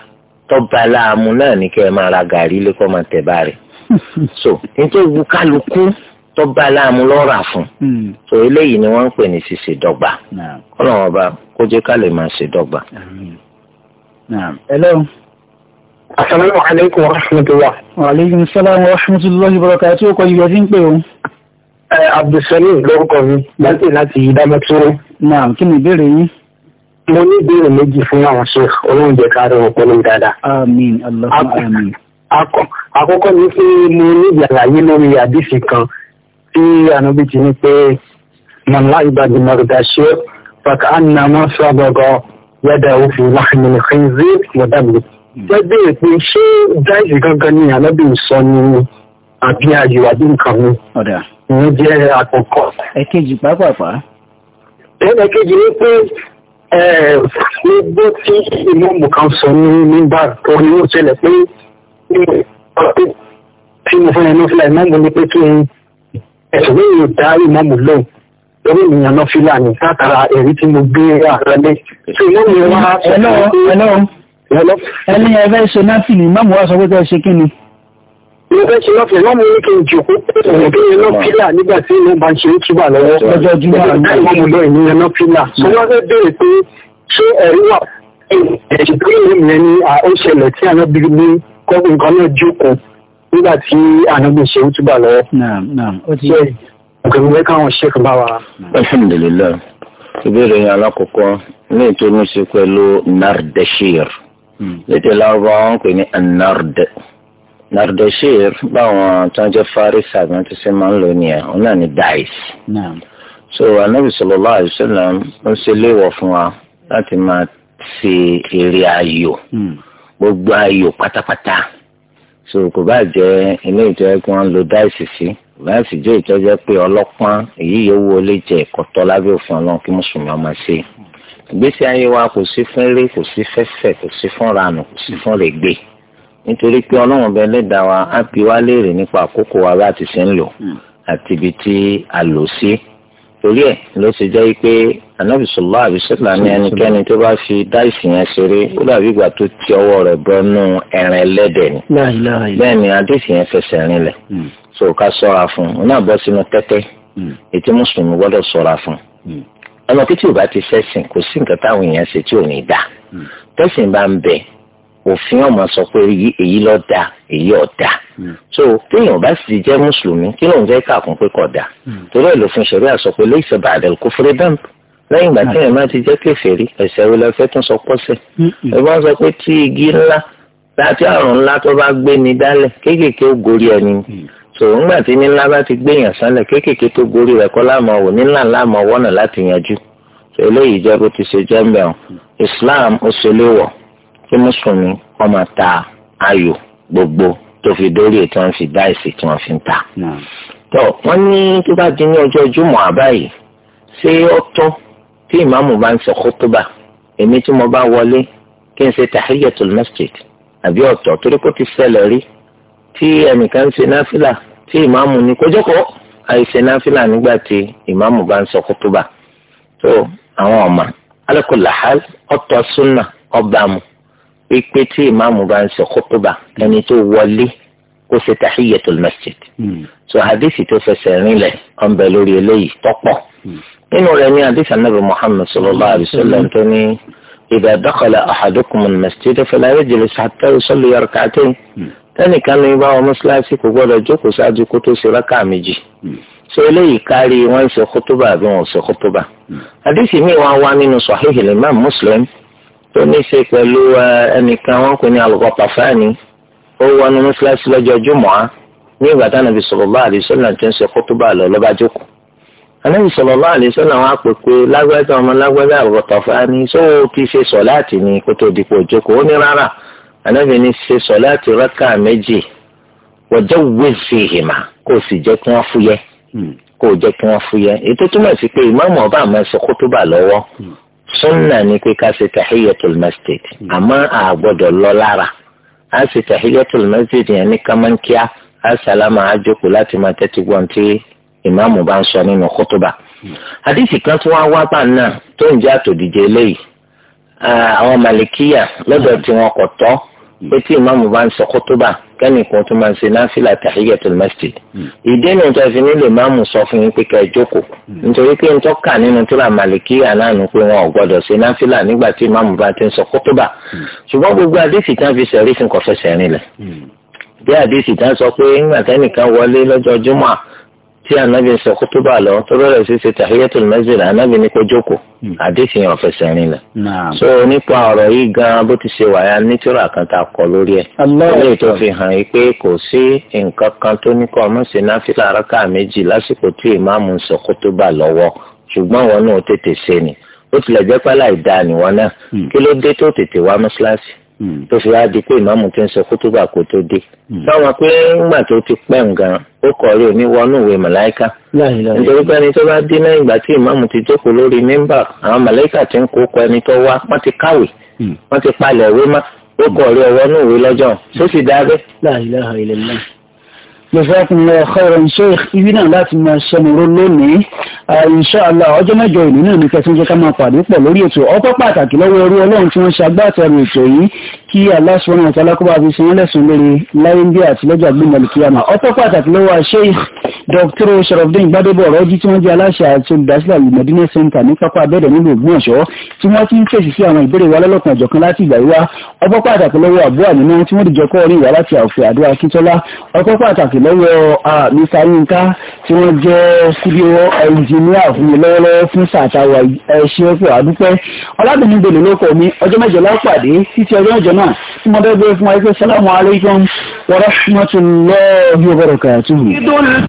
tó bá láàmú náà ní kẹ́ ẹ máa ra gàrí lé kó máa tẹ̀ bá rẹ̀. so nítorí wu kálukú tó bá láàmú lọ́ra fún. Mm. so eléyìí ni wọ́n ń pè ní ṣíṣe dọ́gba. ọlọ́run ọba kó jẹ́ ká lè máa ṣe dọ́gba. Hello. Assalamu alaikum wa rahmatullah. Wa alaikum salam wa rahmatullah ìbọ̀rọ̀kà tí ó kọ ìyọ̀ sí ń pè o. Abdulsalim lórúkọ mi, láti láti ìdámọ́túrú. Náà, kí ni ìbéèrè yín? Mo ní ìbéèrè méjì fún àwọn ṣe olóhùn káàrin òpó ní Àkọ́kọ́ ni pé mo ní ìyàlàyé lórí àdìsí kan tí Ànábì ti ní pé Màmá Ìbàdàn Mọ̀rùdà ṣe Fàkà Ànàmọ́ Sọ́bọ̀gọ́ yẹ́dà òfin Láhìmìnì Khinzir Mọ̀dàbùrù jẹ́ béèrè pé ṣé dáìsì gangan ni ànábì sọ ni àbí ayò àbí nǹkan mi. ọ̀dà. ìyẹn jẹ́ àkọ́kọ́. ẹ̀kejì pàápàá. ẹ̀kejì ni pé nígbó tí ìmọ̀mù kan sọ ní nígbà tó ní ó ṣẹlẹ̀ pé tí mo fẹ́ ẹnu fílà ìmọ̀mù ni pé kí n ẹ̀sùn mi yóò dá ìmọ̀mù lóhùn lórí ìyànà fílà látara ẹ̀rí tí mo gbé àrẹ́lẹ́. ṣùgbọ́n mi wá sọ ẹni ẹgbẹ́ ṣe náfìlì mọ́mù wá sọ pé tẹ́ ṣe kí ni. ẹgbẹ́ ṣe náfìlì mọ́mù ní kí n jòkó ìyẹn náà pílà nígbà tí inú bá ń ṣe é túbà lọ́wọ́ lọ́jọ́ jùlọ àwọn ìyẹn náà pílà sọ́wọ́n fẹ́ bèèrè pé ṣé ẹ̀rí wà ẹ̀ṣẹ̀ tó yẹ mìíràn ni ó ṣẹlẹ̀ tí àwọn bíi ní kọ́kùn kan náà jókòó nígbà tí ànágbè ṣe é túbà lọ́wọ́. ọ̀gbìn káwọn ṣe kàn bá wa. alhamdulilayi ìbéèrè yẹn alákọ̀ọ́kọ́ ní ìtòmíṣe pẹ̀lú nardashir lédè hmm. lárúbá wọn pè ní anarde nardeshir báwọn tó ń jẹ farisa àti wọn ti ṣe máa ń lò nìyẹn òun náà ní dais. so anabi sallallahu alaihi wasallam ń ṣe léèwọ̀ fún wa láti máa ṣe eré ayò hmm. gbogbo ayò pátápátá so kò bá jẹ ilé ìtọ́jú kí wọ́n lo dáìsì sí báyìí sì jẹ́ ìtọ́jú pé ọlọ́pàá èyí yòówó lè jẹ ẹ̀kọ́ tọ́ lábẹ́ òfin ọlọ́run kí mùsùlùmí ọmọ ṣe ìgbésí ayé wa kò sí fún eré kò sí fẹ́fẹ́ kò sí fún ranù kò sí fún rẹ̀gbẹ́ nítorí pé ọlọ́run bẹ lẹ́dàá wa á bi wá léèrè nípa àkókò wa bá ti ṣe ń lò hmm. àti ibi tí a lò sí torí ẹ̀ ló ti jẹ́ pé anabi sọlá ní ẹnikẹ́ni tó bá fi dáìsì yẹn ṣeré ó dàbí ìgbà tó ti ọwọ́ rẹ̀ bọ́nú ẹran ẹlẹ́dẹ̀ ni bẹ́ẹ̀ ni adéṣì yẹn fẹsẹ̀ rinlẹ̀ hmm. so ká ṣọ́ra fún un ó náà bọ́ sínú tẹ́tẹ́ hmm. ètí mùsùlùmí gbọ́dọ̀ ṣọ́ra fún un ọmọ kí tí ò bá ti ṣẹ̀sìn kò sí nǹkan táwọn èèyàn ṣe tí ò ní dá hmm. tẹ̀sìn bá ń bẹ òfin ọmọ sọ pé èyí ló dá èyí ò dá hmm. so téèyàn bá sì jẹ́ mùsùlùmí kí ló ń jẹ́ káàkùn pé kò dá hmm. torí ẹ̀ lófin ṣẹ̀rí àsọ pé lóyè sọ̀bà àdàl kó fúré dàmp lẹ́yìn ìgbà téèyàn máa ti jẹ́ kèfèrí ẹ̀sẹ̀ wo la fẹ́ tún sọ pọ́sẹ̀ ẹ bá sọ pé tí igi ńlá láti àrùn ńlá tó bá gbé ni dálẹ̀ kéékèèké ó gorí ẹni tòun gbà tí nílá bá ti gbéyàn sálẹ̀ kéékèèké tó gorí rẹ̀ kọ́ láàmú ọ̀wọ̀ nílá láàmú ọwọ́ náà láti yanjú eléyìí jẹ́ bó ti ṣe jẹ́ ń Islam ó ṣe léwọ̀ kí mùsùlùmí wọ́n máa ta ayò gbogbo tó fi dórí tí wọ́n fi dá ìsì tí wọ́n fi ń ta. tó wọ́n ní tó bá di ní ọjọ́ júmọ̀ àbáyé ṣé ó tọ́ tí ìmáàmù bá ń sọ kótóbà èmi tí mo bá wọlé kí n ṣe tahiyatul masjid àbí ọ̀tọ̀ torí kó ti ṣẹlẹ̀ rí tí ẹnìkan ń ṣe náfìlà tí ìmáàmù ní kójókò àìṣe náfìlà nígbà tí ìmáàmù bá ń sọ kútúbà tó àwọn ọmọ alákòlàhálì ọ̀tọ̀ súnà ọ̀bàmù pípé tí ìmáàmù bá ń sọ kútúbà ẹni tó wọlé kó ṣe tahiyatul masjid. Hmm. so hadisi tó fẹsẹ̀ rinlẹ̀ ọ̀nbẹ lórí eléyìí tọ́pọ̀. nínú rẹ̀ ní hadisi anabi muhammad sallallahu alayhi wa sallam tó ní idha dakhala ahadukum al-masjid fala yajlis tẹnìkan ní bá wọn mọ́ṣáláṣí kò gbọ́dọ̀ jókòó ṣáájú kó tó ṣe rákà méjì ṣé hmm. eléyìí kárí wọn ṣe kótóbà àbí wọn ṣe kótóbà. àdìsí hmm. mi wá wá nínú sọ̀híhì Imam Muslim tó ní ṣe pẹ̀lú uh, ẹnìkan wọn kò ní Al-Ghatafani ó wọnú mọ́ṣáláṣí lọ́jọ́ jùmọ̀á ní ìgbà táwọn Nabi sallallahu alaihi wasallam tó ń ṣe kótóbà lọ lọ́ba jókòó. Ànábì sallallahu alaihi wasallam wọn àpèpè lágbẹ́dẹ́ ọmọ lágbẹ́dẹ́ Al-Ghatafani sóò ti ṣe sọ̀ láti ní kótó dìpọ̀ jókòó ó ní rárá anabi ni ṣe sọláàtì rákà méjì wọjọ wíìsì ìhìmà kó o sì jẹ kí wọn fúyẹ́ hmm. kó o jẹ kí wọn fúyẹ́ ètò túmọ̀ sí pé ìmáàmù ọba àmọ́ ẹsẹ̀ kó tó bà lọ́wọ́ hmm. sunna ni pé ká ṣe tahiyatul masjid hmm. àmọ́ àgbọ̀dọ̀ lọ lára a ṣe tahiyatul masjid yẹn ní kàmánkíá a sàlámà á jókòó láti máa tẹ́tí gbọ́n tí ìmáàmù bá ń sọ nínú kótóbà. àdìsí kan tí wọ́n wá bá náà tó ń jẹ́ àtòdìjẹ́ eléyìí ah, àwọn màlìkíyà lọ́dọ̀ tí wọn kò tọ́ pé tí ìmáàmù bá ń sọ kótóbà kẹ́nìkan tó máa ń ṣe náfìlà tahiyatul masjid ìdí ni ìjọ fi nílò ìmáàmù sọ fún yín pé ká ẹ jókòó nítorí pé ń tọ́ka nínú tíra màlìkíyà náà nù pé wọn ò gbọdọ̀ ṣe náfìlà nígbà tí ìmáàmù bá ti ń sọ kótóbà ṣùgbọ́n gbogbo àdéhìí tán fi sẹ̀rí fún kọfẹsẹ̀ rìn lẹ̀ bí àdéhìí tán sọ pé ńgbà tí anabi sọ kútúbà lọ tó bẹ̀rẹ̀ sí ṣe tahiyatul masjid anabi ní kó jókòó àdéhùn hmm. yẹn ọ̀fẹsẹ̀ rìn lẹ̀. so nípa ọ̀rọ̀ yìí gan bó ti ṣe wáyà nítorá kan tá a kọ lórí ẹ̀. lórí tó fi hàn yìí pé kò sí nǹkan kan tó ní kọ́ ọmọ sí náfìlà araka méjì lásìkò tí ìmáàmù sọ kútúbà lọ́wọ́ ṣùgbọ́n wọn náà tètè ṣe ni ó tilẹ̀ jẹ́ pálá ìdá nìwọ náà hmm. Hmm. tó fi wá di pé ìmáàmù ti ń sọ kótóbà kó tó dé táwọn hmm. pé ńgbà tó ti pẹ́ nǹkan ó kọ̀rí òní wọnú ìwé màláìka nítorí pé ẹni tó bá dé náà ìgbà tí ìmáàmù ti jókòó lórí mímbà àwọn màláìka ti ń kó kọ ẹni tó wá wọ́n ti kàwé hmm. wọ́n ti palẹ̀ ìwé má ó kọ̀rí ọwọ́ nù ìwé lọ́jọ́ sósì dábẹ́. láìláha ilẹ̀ náà jazakumullahu khairan sheikh ibi náà láti máa ṣẹnuró lónìí inṣàlá ọjọ́ mẹ́jọ ìlú náà ní kẹsàn-án jẹ́ ká máa pàdé pọ̀ lórí ètò ọpẹ́ pàtàkì lọ́wọ́ ẹrú ọlọ́run tí wọ́n ṣe agbátẹrù ètò yìí kí Allah subhanahu wa ta'ala kó bá fi sin lẹ́sùn lórí láyé ń bí àti lọ́jọ́ àgbémọ̀lì kíyàmà ọpẹ́ pàtàkì lọ́wọ́ Sheikh Dr. Sharafdin Gbadebo ọ̀rọ̀jì tí wọ́n jẹ́ aláṣẹ àti olùdásílẹ̀ Al-Madina Center ní pápá abẹ́rẹ̀ nílùú Ògbómọ̀ṣọ́ tí wọ́n ti ń fèsì sí àwọn ìbéèrè wa lọ́lọ́kan ọ̀jọ̀kan láti ìgbà wíwá ọpẹ́ pàtàkì lọ́wọ́ àbúrò àníná tí wọ́n dìjọ kọ́ orí ìwà láti àwòfẹ́ àdó Akíntọ́lá ọpẹ́ pàtàkì lọ́wọ́ Mr. Yinka tí wọ́n jẹ́ studio engineer fún mi lọ́wọ́lọ́wọ́ fún sàtàwà ẹ̀ṣẹ́ ọ̀pọ̀ àdúpẹ́ ọlábìnrin gbèlè lóko mi ọjọ́ mẹ́jọ náà tí mo dẹ́gbẹ́ fún wa yìí pé sálámù alaykum wa rahmatulahi wa barakatuhu.